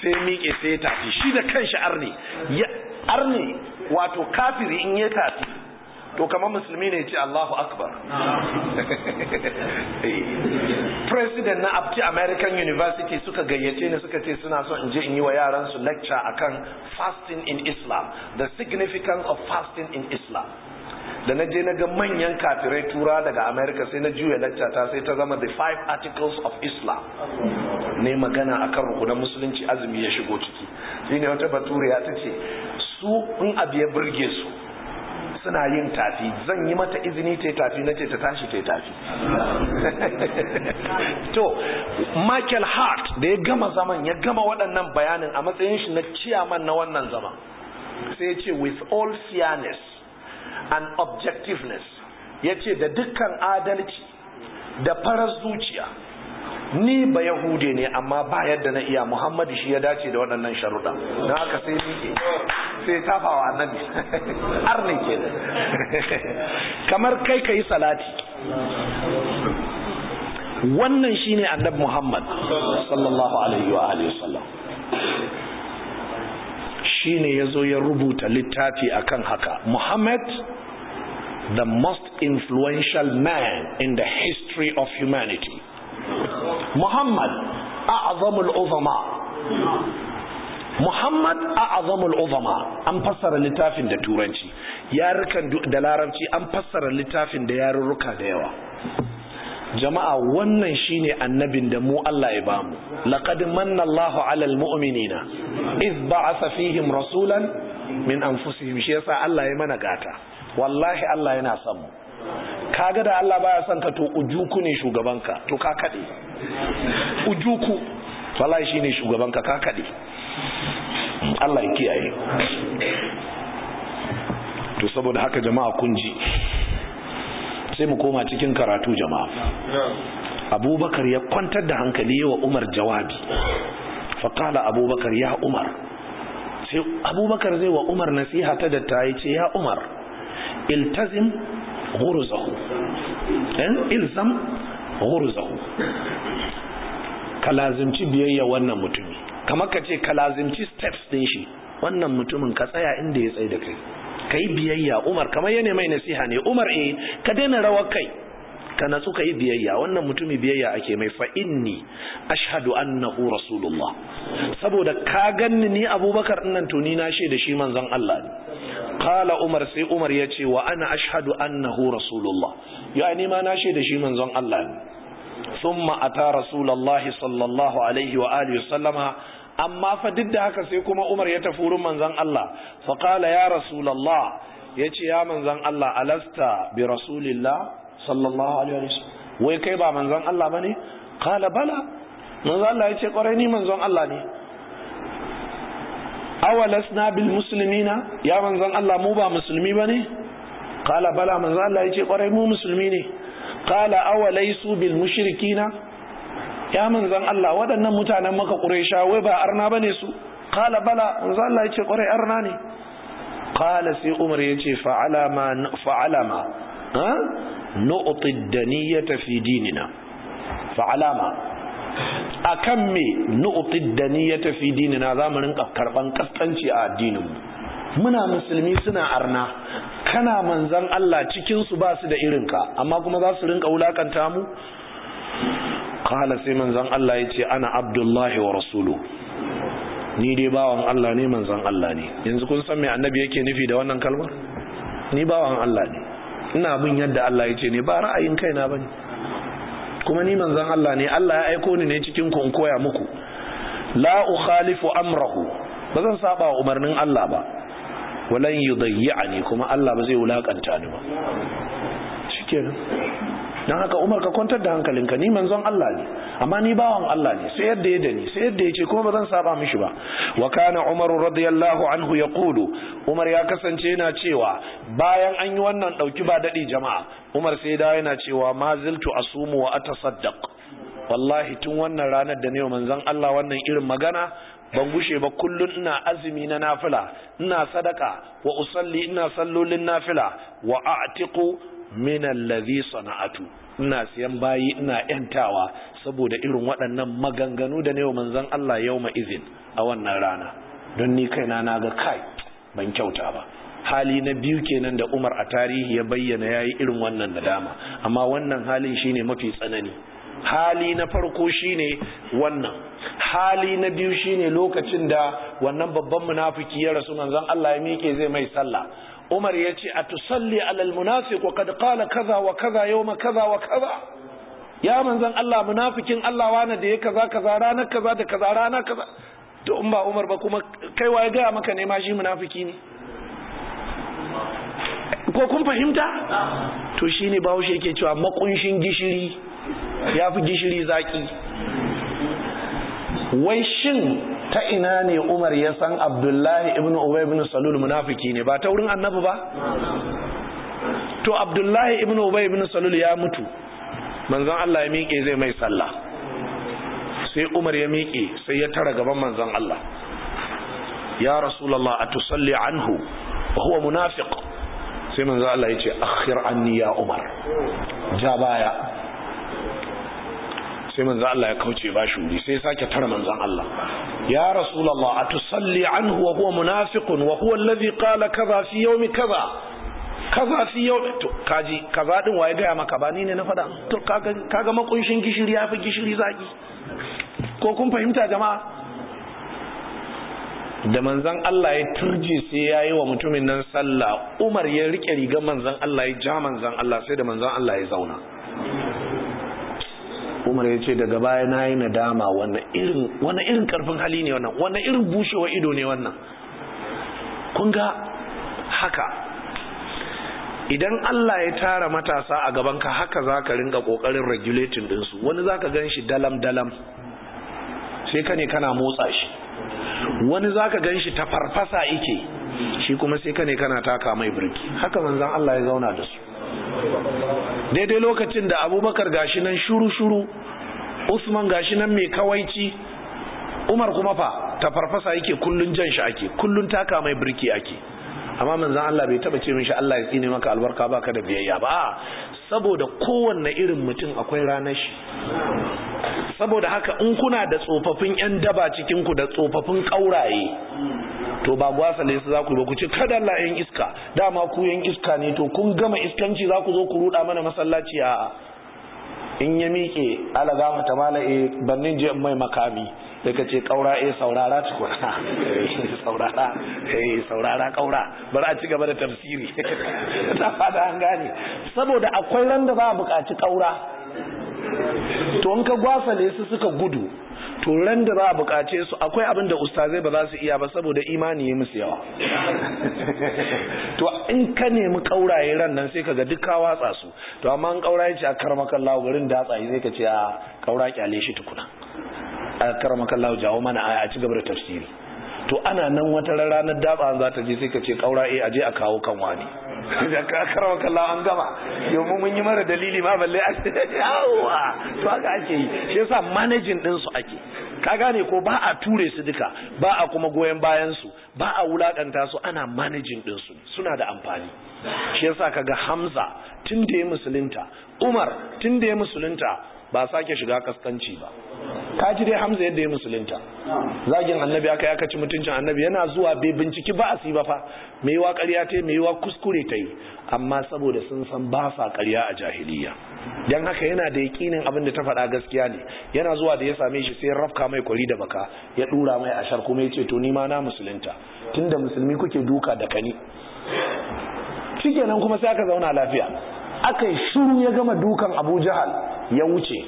sai miƙe sai ya tafi shi da kanshi arni arni wato kafiri in ya tafi to kamar musulmi ne ce Allahu Akbar president na Abti American University suka gayyace ni suka ce suna so in je in yi wa yaran su lecture akan fasting in Islam the significance of fasting in Islam da na je na ga manyan kafirai tura daga america sai na juya lacca ta sai ta zama the five articles of islam ne magana a kan rukunan musulunci azumi ya shigo ciki shi wata baturiya ta ce su in abu ya burge su suna yin tafi zan yi mata izini ta tafi na ce ta tashi ta tafi to michael hart da ya gama zaman ya gama waɗannan bayanin a matsayin shi na ciyaman na wannan zaman sai ya ce with all fairness and objectiveness ya ce da dukkan adalci da farar zuciya ni ba yahude ne amma ba yadda na iya muhammadu shi ya dace da waɗannan sharuɗa don haka sai nike sai tafawa annabi arne ke kamar kai ka yi salati wannan shi ne annabi muhammad sallallahu alaihi wa sallam. Shi ne ya zo ya rubuta littafi akan haka muhammad the most influential man in the history of humanity muhammad a'zamul uzama muhammad a'zamul uzama an fassara littafin da turanci yarukan da larabci an fassara littafin da yarurruka da yawa jama'a wannan shine annabin da mu Allah ya bamu laqad manna Allahu 'alal mu'minina iz a safihim rasulan min anfusihim shi yasa Allah ya mana gata wallahi Allah yana samu. mu kaga da Allah baya son ka to ujuku ne shugabanka to ka kade ujuku wallahi shine shugabanka ka kade Allah ya kiyaye to saboda haka jama'a kun ji sai mu koma cikin karatu jama'a abubakar ya kwantar da hankali wa umar jawabi faƙala abubakar ya umar sai abubakar zai wa umar nasiha ta da ta yi ce ya umar iltazim غرزه ilzam غرزه ka biyayya wannan mutumi kamar ka ce kalazimci steps din shi wannan mutumin ka tsaya inda ya tsaye da kai ka biyayya umar kamar yana mai nasiha ne umar eh ka daina rawar kai Kana natsu ka yi biyayya wannan mutumin biyayya ake mai fainni ashadu annahu rasulullah saboda ka ganni ni abubakar nan to ni na da shi manzon Allah ne qala umar sai umar ya ce wa ana ashadu annahu rasulullah ya ni ma na da shi manzon Allah ne thumma ata rasulullahi sallallahu alaihi wa alihi sallama amma fa duk da haka sai kuma umar ya tafi wurin manzon Allah fa qala ya rasulullah yace ya manzon Allah alasta bi rasulillah sallallahu alaihi wasallam wai kai ba manzon Allah bane qala bala manzon Allah yace kwarai ni manzon Allah ne awalasna bil muslimina ya manzon Allah mu ba musulmi bane qala bala manzon Allah yace kwarai mu musulmi ne qala awalaisu bil mushrikina ya manzon Allah waɗannan mutanen maka quraisha wai ba arna bane su qala bala manzon Allah yace kwarai arna ne qala sai umar yace fa'alama fa'alama نؤطي الدنية في dinina fa alama akan me الدنية في ديننا dinina zamu rinka karban kaskanci a addinin mu muna musulmi suna arna kana manzon Allah cikinsu su ba su da irinka amma kuma za su rinka wulakanta mu qala sai manzon Allah yace ana abdullahi ni dai bawan Allah ne manzon Allah ne yanzu kun san me annabi yake nufi da wannan kalmar ni bawan Allah ne ina bin yadda Allah ya ce ne ba ra'ayin kaina bane kuma ni manzon Allah ne Allah ya aiko ni ne cikin ku koya muku la ukhalifu amrahu ba zan saba wa umarnin Allah ba walan yudayyani kuma Allah ba zai wulakanta ni ba shikenan dan haka Umar ka kwantar da hankalinka ni manzon Allah ne amma ni bawan Allah ne sai yadda ya dani sai yadda ya ce kuma ba zan saba mishi ba wa kana Umar radiyallahu anhu ya kudu Umar ya kasance yana cewa bayan an yi wannan ɗauki ba daɗi jama'a Umar sai da yana cewa ma ziltu asumu wa atasaddaq wallahi tun wannan ranar da ne manzon Allah wannan irin magana ban gushe ba kullun ina azumi na nafila ina sadaka wa usalli ina sallolin nafila wa a'tiqu min allazi sana'atu ina siyan bayi ina yantawa saboda irin waɗannan maganganu da ne manzon Allah yau ma izin a wannan rana don ni kaina na ga kai ban kyauta ba hali na biyu kenan da Umar a tarihi ya bayyana yayi irin wannan nadama amma wannan halin shine mafi tsanani hali na farko shine wannan hali na biyu shine lokacin da wannan babban munafiki ya rasu manzon Allah ya miƙe zai mai sallah umar ya ce a tusalli alal munafiq wa kad qala kaza wa kaza yawma kaza wa kaza ya manzan Allah munafikin Allah wane da ya kaza kaza ranar kaza da kaza rana kaza to in ba umar ba kuma kai waye gaya maka ne ma shi munafiki ne ko kun fahimta to shi shine bahaushe yake cewa makunshin gishiri ya fi gishiri zaki wai shin ta ina ne Umar ya san Abdullahi ibn Ubay ibn Salul munafiki ne ba ta wurin Annabi ba to Abdullahi ibn Ubay ibn Salul ya mutu manzon Allah ya miƙe zai mai sallah sai Umar ya miƙe sai ya tara gaban manzon Allah ya Rasulullah atusalli anhu wa huwa munafiq sai manzon Allah ya ce akhir anni ya Umar ja baya sai manzon Allah ya kauce ba shi wuri sai sake tara manzon Allah ya rasulullah atusalli anhu wa huwa munafiqun wa huwa alladhi qala kaza fi yawmi kaza kaza fi yawmi to kaji kaza din waye ga maka ba ni ne na fada to kaga kaga makunshin gishiri ya fi gishiri zaki ko kun fahimta jama'a da manzan Allah ya turje sai ya yi wa mutumin nan sallah umar ya rike rigar manzan Allah ya ja manzan Allah sai da manzan Allah ya zauna umar ya ce daga baya na yi nadama wani irin karfin hali ne wannan wani irin bushewa ido ne wannan kun ga haka idan Allah ya tara matasa a gabanka haka za ka ringa kokarin regulating dinsu wani za ka gan shi dalam-dalam sai ka ne kana motsa shi wani za ka gan shi ta farfasa ike shi kuma sai ka ne kana taka mai birki haka manzan Allah ya zauna da su daidai lokacin da abubakar gashi nan shuru-shuru usman gashi nan mai kawaici umar kuma fa ta farfasa yake kullun jan shi ake kullun taka mai birki ake amma manzan Allah bai taba ce min shi Allah ya tsine maka albarka baka da biyayya ba saboda kowanne irin mutum akwai ranar shi saboda haka in kuna da tsofaffin 'yan daba cikinku da tsofaffin ƙauraye to ba gwasa ne su za ku ku ce kada Allah iska dama ku 'yan iska ne to kun gama iskanci za ku zo ku ruɗa mana masallaci a in ya miƙe alagama mata mala'e eh, bannin je mai makami sai ka ce kaura eh saurara tukuna saurara eh saurara kaura bari a ci gaba da tafsiri ta fada an gane saboda akwai ran da ba a buƙaci kaura to in ka gwasale su suka gudu to ran da ba a buƙace su akwai abin da ustazai ba za su iya ba saboda imani ya musu yawa to in ka nemi kauraye ran nan sai ka ga duk ka watsa su to amma in ya ce a karmakan lawo garin datsa zai ka ce a kaura kyale shi tukuna akramaka Allah jawo mana aya a cigaba da tafsiri to ana nan wata ranar daba za ta je sai ka ce kaura eh, a aje a kawo kan wani da karwa an gama yau mun yi mara dalili ma balle a yawa to haka ake yi shi yasa manajin din su ake ka gane ko ba a ture su duka ba a kuma goyon bayan su ba a wulakanta su ana manajin din su suna da amfani shi yasa ga Hamza tun da ya musulunta Umar tun da ya musulunta ba sake shiga kaskanci ba ka ji dai hamza yadda ya musulunta zagin annabi aka ya ci mutuncin annabi yana zuwa be binciki ba asi ba fa mai yiwa ƙarya ta yi, mai yiwa kuskure ta yi amma saboda sun san ba sa ƙarya a jahiliya Don haka yana da yaƙinin abin da ta faɗa gaskiya ne yana zuwa da ya same shi sai rafka mai kwari da baka ya ɗura mai ashar kuma ya ce to ni ma na musulunta tunda musulmi kuke duka da kani shikenan kuma sai aka zauna lafiya aka yi shuru ya gama dukan abu jihar ya wuce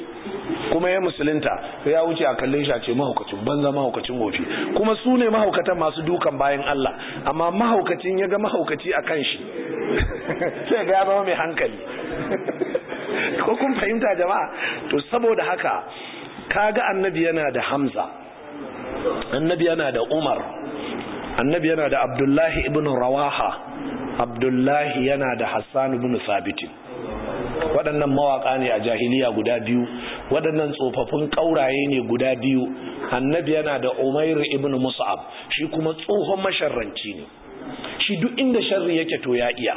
kuma ya musulunta ya wuce a kallon shi a ce mahaukacin banza mahaukacin wofi kuma su ne mahaukatan masu dukan bayan Allah amma mahaukacin ya ga mahaukaci a kan shi sai ga ya zama mai hankali ko kun fahimta jama'a to saboda haka kaga annabi yana da hamza annabi yana da umar annabi yana da abdullahi ibn rawaha abdullahi yana da hassan ibn sabitin waɗannan mawaƙa ne a jahiliya guda biyu waɗannan tsofaffin ƙauraye ne guda biyu annabi yana da umair ibn mus'ab shi kuma tsohon masharranci ne shi duk inda sharri yake to ya iya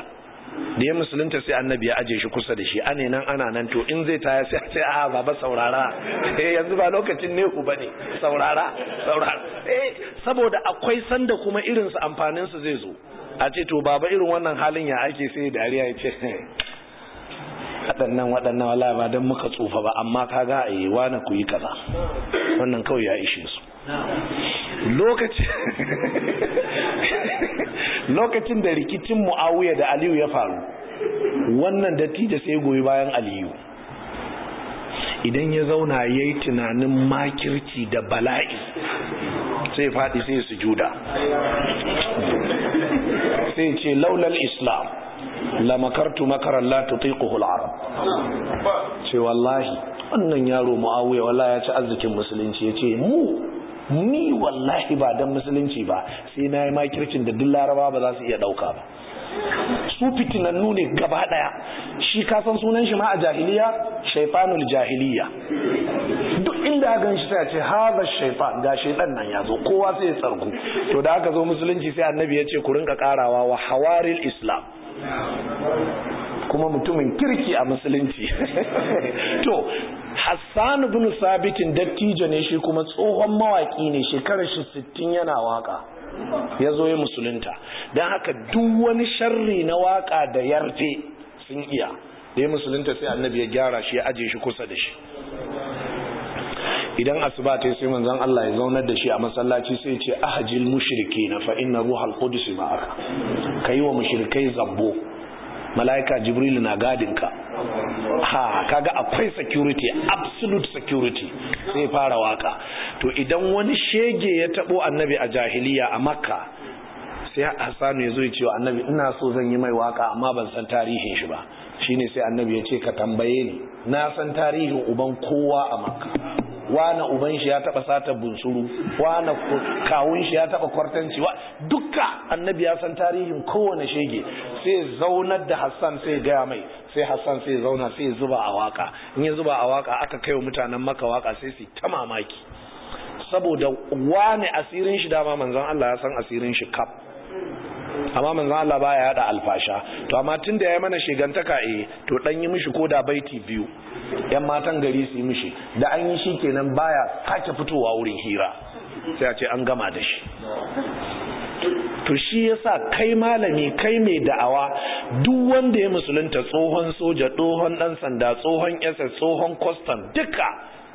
da ya musulunta sai annabi ya aje shi kusa da shi ane nan ana nan to in zai taya sai ce a baba saurara eh yanzu ba lokacin ne ku bane saurara saurara eh saboda akwai sanda kuma irin su amfanin su zai zo a ce to baba irin wannan halin ya ake sai dariya ya ce waɗannan waɗannan wala ba don muka tsufa ba amma ka ga a yi eh, wani ku yi kaza wannan kawai ya ishe su lokacin da rikicin mu'awuyar da aliyu ya faru wannan dattijo sai goyi bayan aliyu idan ya zauna ya yi tunanin makirci da bala'i sai faɗi sai su juda sai ce laulal islam lamakartu makaran la tutiquhu al-arab ce wallahi wannan yaro muawiya wallahi ya ci arzikin musulunci yace mu ni wallahi ba dan musulunci ba sai nayi yi makircin da duk laraba ba za su iya dauka ba su fitinan ne gaba daya shi ka san sunan shi ma a jahiliya shaifanul jahiliya duk inda gan shi sai ce haza shaytan ga shaytan nan ya kowa sai ya tsargu to da aka zo musulunci sai annabi ya ce ku rinka karawa wa hawaril islam kuma mutumin kirki a musulunci to hassan bin sabitin dattijo ne shi kuma tsohon mawaki ne shekarar shi sittin yana waka ya zo ya musulunta don haka duk wani sharri na waka da yarfe sun iya da ya musulunta sai annabi ya gyara shi ya aje shi kusa da shi idan asuba ta sai manzon Allah ya zaunar da shi a masallaci sai ya ce ahjil na fa inna ruhal qudus ma'aka kai wa mushrikai zabbo malaika jibril na gadin ka ha kaga akwai security absolute security sai fara waka to idan wani shege ya tabo annabi a jahiliya a makka sai Hassanu ya zo ya ce annabi ina so zan yi mai waka amma ban san tarihin shi ba shine sai annabi ya ce ka tambaye ni na san tarihin uban kowa a makka wane uban shi ya taba sata bunsuru wane kawun shi ya taba kwartanci wa dukka annabi ya san tarihin kowane shege sai zaunar da Hassan sai gaya mai sai Hassan sai zauna sai zuba a waka in ya zuba a waka aka kai wa mutanen maka waka sai su ta mamaki saboda wane asirin shi dama manzon Allah ya san asirin shi kaf amma manzo Allah baya yada alfasha to amma tunda yayi mana shigantaka eh to dan yi mishi koda baiti biyu yan matan gari su yi mishi da an yi shi kenan baya sake fitowa wurin hira sai a ce an gama da shi to shi yasa kai malami kai mai da'awa duk wanda ya musulunta tsohon soja tsohon dan sanda tsohon SS tsohon custom duka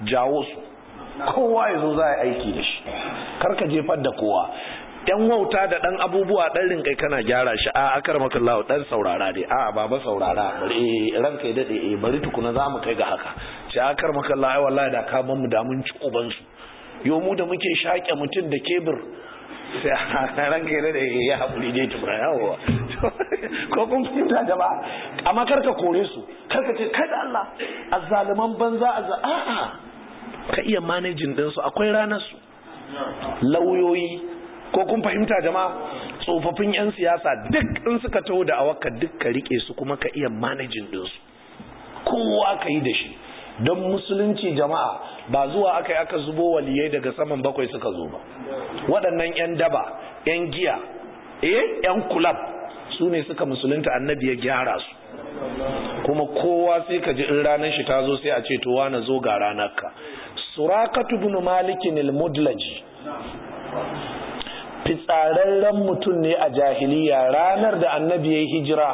jawo su kowa yazo za a yi aiki da shi karka jefar da kowa dan wauta da dan abubuwa dan rinkai kana gyara shi a akar makallahu dan saurara dai a baba saurara bari ranka ya dade eh bari tukuna zamu kai ga haka shi akar makallahu ai wallahi da ka ban mu da mun ci uban su yo mu da muke shake mutun da kebir sai ranka ya dade eh, ya hakuri dai tukuna yawa ko kun fita gaba amma karka kore su karka ce kai da Allah azzaliman banza azza a'a ka iya managing din su akwai ranar su lauyoyi ko kun fahimta jama'a tsofaffin yan siyasa duk in suka taho da awaka duk ka rike su kuma ka iya manajin ɗinsu kowa ka yi da shi don musulunci jama'a ba zuwa aka yi aka zubo waliyai daga saman bakwai suka zo ba waɗannan 'yan daba 'yan giya eh 'yan kulab su ne suka musulunta annabi ya gyara su kuma kowa sai ka ji in ranar shi ta zo sai a ce to na zo ga ranar ka surakatu bin malikin al-mudlaji fitsararren mutum ne a jahiliya ranar da annabi ya yi hijira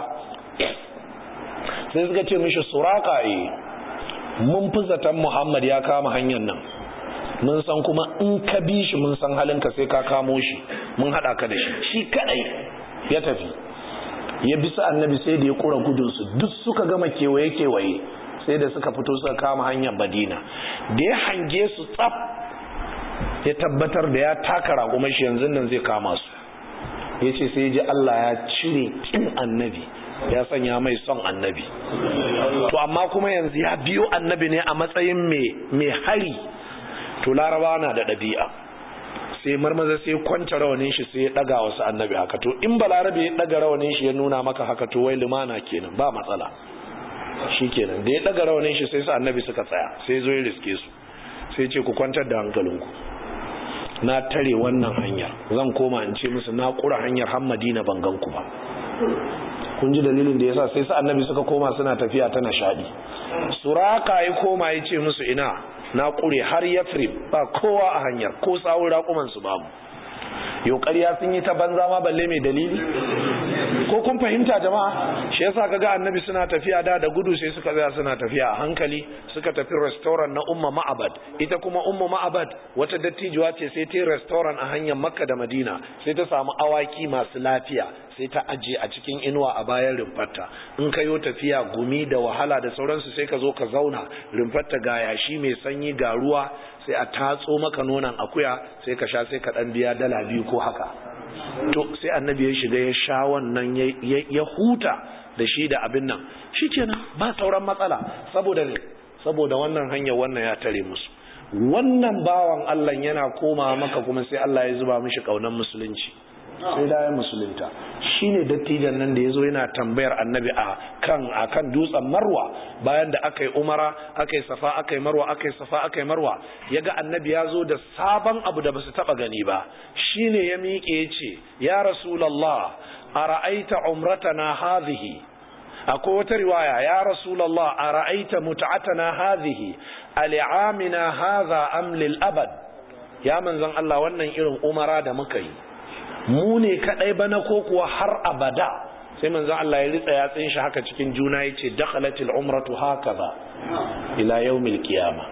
sai suka ce mishi suraka yi e, mun fi zaton muhammad ya kama hanyar nan mun san kuma in ka bi shi mun san halinka sai ka kamo shi mun haɗa ka da shi shi kaɗai ya tafi ya bi su annabi sai da ya ƙura gudunsu duk suka gama kewaye-kewaye sai da suka fito suka kama hanyar Badina da ya hange su tsaf ya tabbatar da ya taka raƙumar shi yanzu nan zai kama su ya ce sai ji Allah ya cire kin annabi ya sanya mai son annabi to amma kuma yanzu ya biyo annabi ne a matsayin mai hari to laraba na da ɗabi'a sai marmaza sai kwanta rawanin shi sai ya ɗaga wasu annabi haka to in larabe ya ɗaga rawanin shi ya nuna maka haka to wai limana kenan ba matsala shi kenan da ya ɗaga rawanin shi sai su annabi suka tsaya sai zo ya riske su sai ce ku kwantar da hankalinku na tare wannan hanyar zan koma in ce musu na kura hanyar hamadi na ban ku ba kun ji dalilin da yasa sai su annabi suka koma suna tafiya ta nashadi suraka ya koma ya ce musu ina na kure har yathrib ba kowa a hanyar ko sawun raƙumansu babu yau ya sun yi ta banza ma balle mai dalili ko kun fahimta jama'a shi yasa kaga annabi suna tafiya da da gudu sai suka tsaya suna tafiya a hankali suka tafi restaurant na umma ma'abad ita kuma umma ma'abad wata dattijuwa ce sai ta restaurant a hanyar makka da madina sai ta samu awaki masu lafiya sai ta ajiye a cikin inuwa a bayan rumfarta in ka yi tafiya gumi da wahala da sauransu sai ka zo ka zauna rumfarta ga yashi mai sanyi ga ruwa sai a tatso maka nonon akuya sai ka sha sai ka dan biya dala biyu ko haka to sai annabi ya shiga ya sha wannan ya huta da shi da abin nan shikenan ba sauran matsala saboda ne saboda wannan hanyar wannan ya tare musu wannan bawan Allah yana koma maka kuma sai Allah ya zuba mishi kaunar musulunci sai da ya musulunta shine dattijan nan da ya zo yana tambayar annabi a kan akan dutsen marwa bayan da aka umara aka safa aka marwa aka yi safa aka yi marwa yaga annabi ya zo da sabon abu da basu taba gani ba shine ya miƙe ya ce ya rasulullah ara'aita umratana hadhihi akwai wata riwaya ya rasu rasulullah ara'aita mut'atana hadhihi al'amina hadha am lil abad ya manzon Allah wannan irin umara da muka yi mu ne kadai bana ko kuwa har abada sai manzo Allah ya ritsa tsin shi haka cikin juna yace dakhalatil umratu hakaza ila yawmil qiyama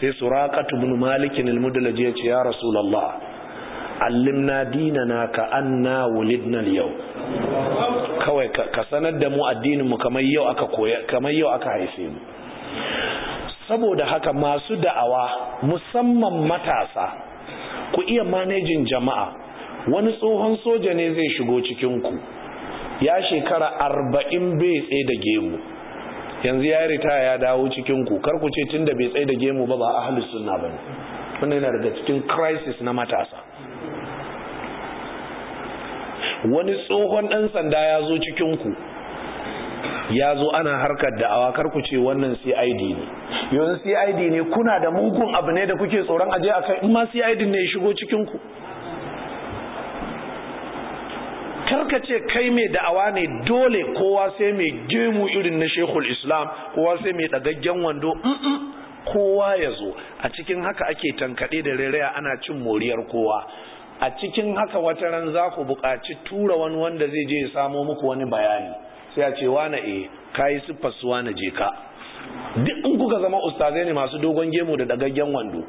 sai suraqatu ibn malik al-mudlaji yace ya rasulullah allimna dinana ka anna wulidna al yaw kawai ka sanar da mu addinin mu kamar yau aka koya kamar yau aka haife mu saboda haka masu da'awa musamman matasa ku iya manejin jama'a wani tsohon soja ne zai shigo cikinku ya shekara arba'in bai tsaye da gemu yanzu ya ritaya ya dawo cikinku karku ce tun da bai tsaye da gemu ba ba a ahalus suna ba ne wanda yana daga cikin crisis na matasa wani tsohon ɗan sanda ya zo cikinku ya zo ana harkar da kar karku ce wannan cid ne yanzu cid ne kuna da mugun abu ne da kuke tsoron aje a kai in ma cid ne ya shigo cikinku karkace kai mai da'awa ne dole kowa sai mai gemu irin na shekul islam kowa sai mai ɗagaggen wando kowa ya zo a cikin haka ake tankaɗe da rairaya ana cin moriyar kowa a cikin haka wata ran za ku buƙaci tura wani wanda zai je ya samo muku wani bayani sai a ce wane e eh, kayi yi su wane je ka duk in kuka zama ustazai ne masu dogon gemu da dagaggen wando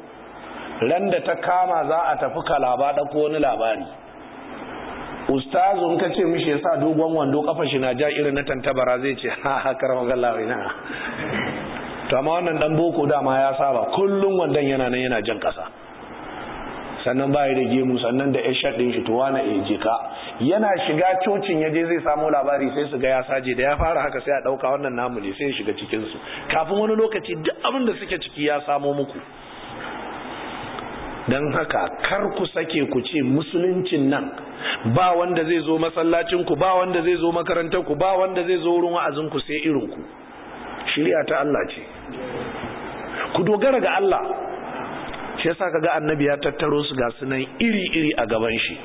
ran da ta kama za a tafi kalaba ɗauko wani labari ustazu in ka ce mishi ya sa dogon wando kafa shi na ja irin na tantabara zai ce ha ha karama gallawa ina to amma wannan dan boko dama ya saba kullum wandan yana nan yana jan kasa sannan bayi da gemu sannan da ishar din shi to wani e je ka yana shiga cocin ya je zai samu labari sai su ga ya saje da ya fara haka sai a dauka wannan namu ne sai ya shiga cikin su kafin wani lokaci duk abin da suke ciki ya samo muku don haka kar ku sake ku ce musuluncin nan ba wanda zai zo masallacin ba wanda zai zo makarantar ba wanda zai zo wurin wa'azinku sai irin ku shari'a ta Allah ce ku dogara ga Allah shi yasa ga annabi ya tattaro su ga sunan iri iri a gaban shi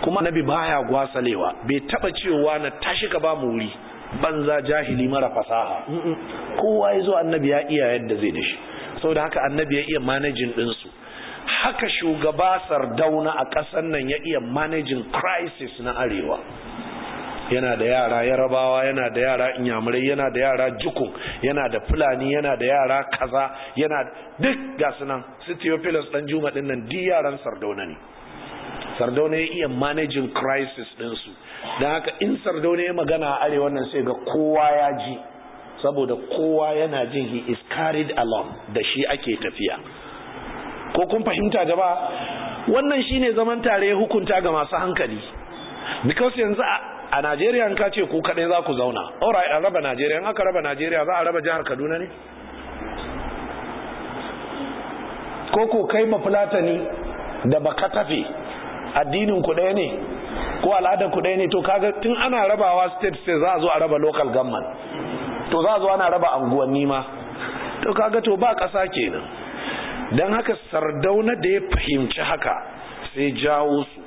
kuma annabi baya gwasalewa bai taba cewa na tashi ka ba mu wuri banza jahili mara fasaha kowa ya zo annabi ya iya yadda zai da shi saboda haka annabi ya iya manajin ɗinsu haka shugaba sardauna a ƙasar nan ya iya managing crisis na arewa yana da yara yarabawa yana da yara inyamurai yana da yara jukun yana da fulani yana da yara kaza yana duk ga sunan su dan juma din nan di yaran sardauna ne sardauna ya iya managing crisis ɗinsu don haka in sardauna ya magana a arewa nan sai ga kowa ya ji saboda kowa yana jin he is carried along da shi ake tafiya ko kun fahimta jama'a wannan shine zaman tare hukunta ga masu hankali because yanzu a Najeriya in ka ku kadai za ku zauna right a raba Najeriya in aka raba Najeriya za a raba jihar Kaduna ne ko ko kai ma fulatani da baka tafe addinin ku ɗaya ne ko al'adar ku ɗaya ne to kaga tun ana rabawa state state za a zo a raba local government to za a zo ana raba anguwanni ma to kaga to ba ƙasa kenan don haka sardauna da ya fahimci haka sai jawo su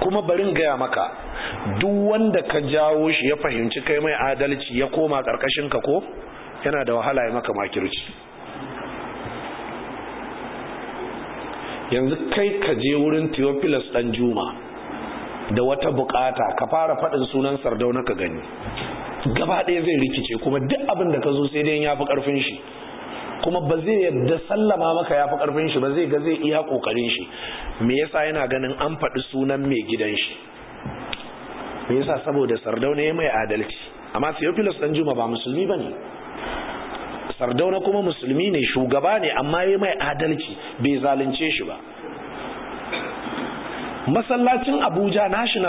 kuma barin gaya maka duk wanda ka jawo shi ya fahimci kai mai adalci ya koma karkashin ka ko yana da wahala ya maka makirci yanzu kai ka je wurin theophilus dan juma da wata bukata ka fara faɗin sunan sardauna ka gani gaba ɗaya zai rikice kuma duk abin da ka zo sai dai ya fi ƙarfin shi kuma ba zai yarda sallama maka ya fi karfin shi ba zai ga zai iya kokarin shi me yasa yana ganin an faɗi sunan mai gidan shi me yasa saboda sardauna ya mai adalci amma Theophilus dan Juma ba musulmi ba ne sardauna kuma musulmi ne shugaba ne amma ya mai adalci bai zalunce shi ba masallacin Abuja national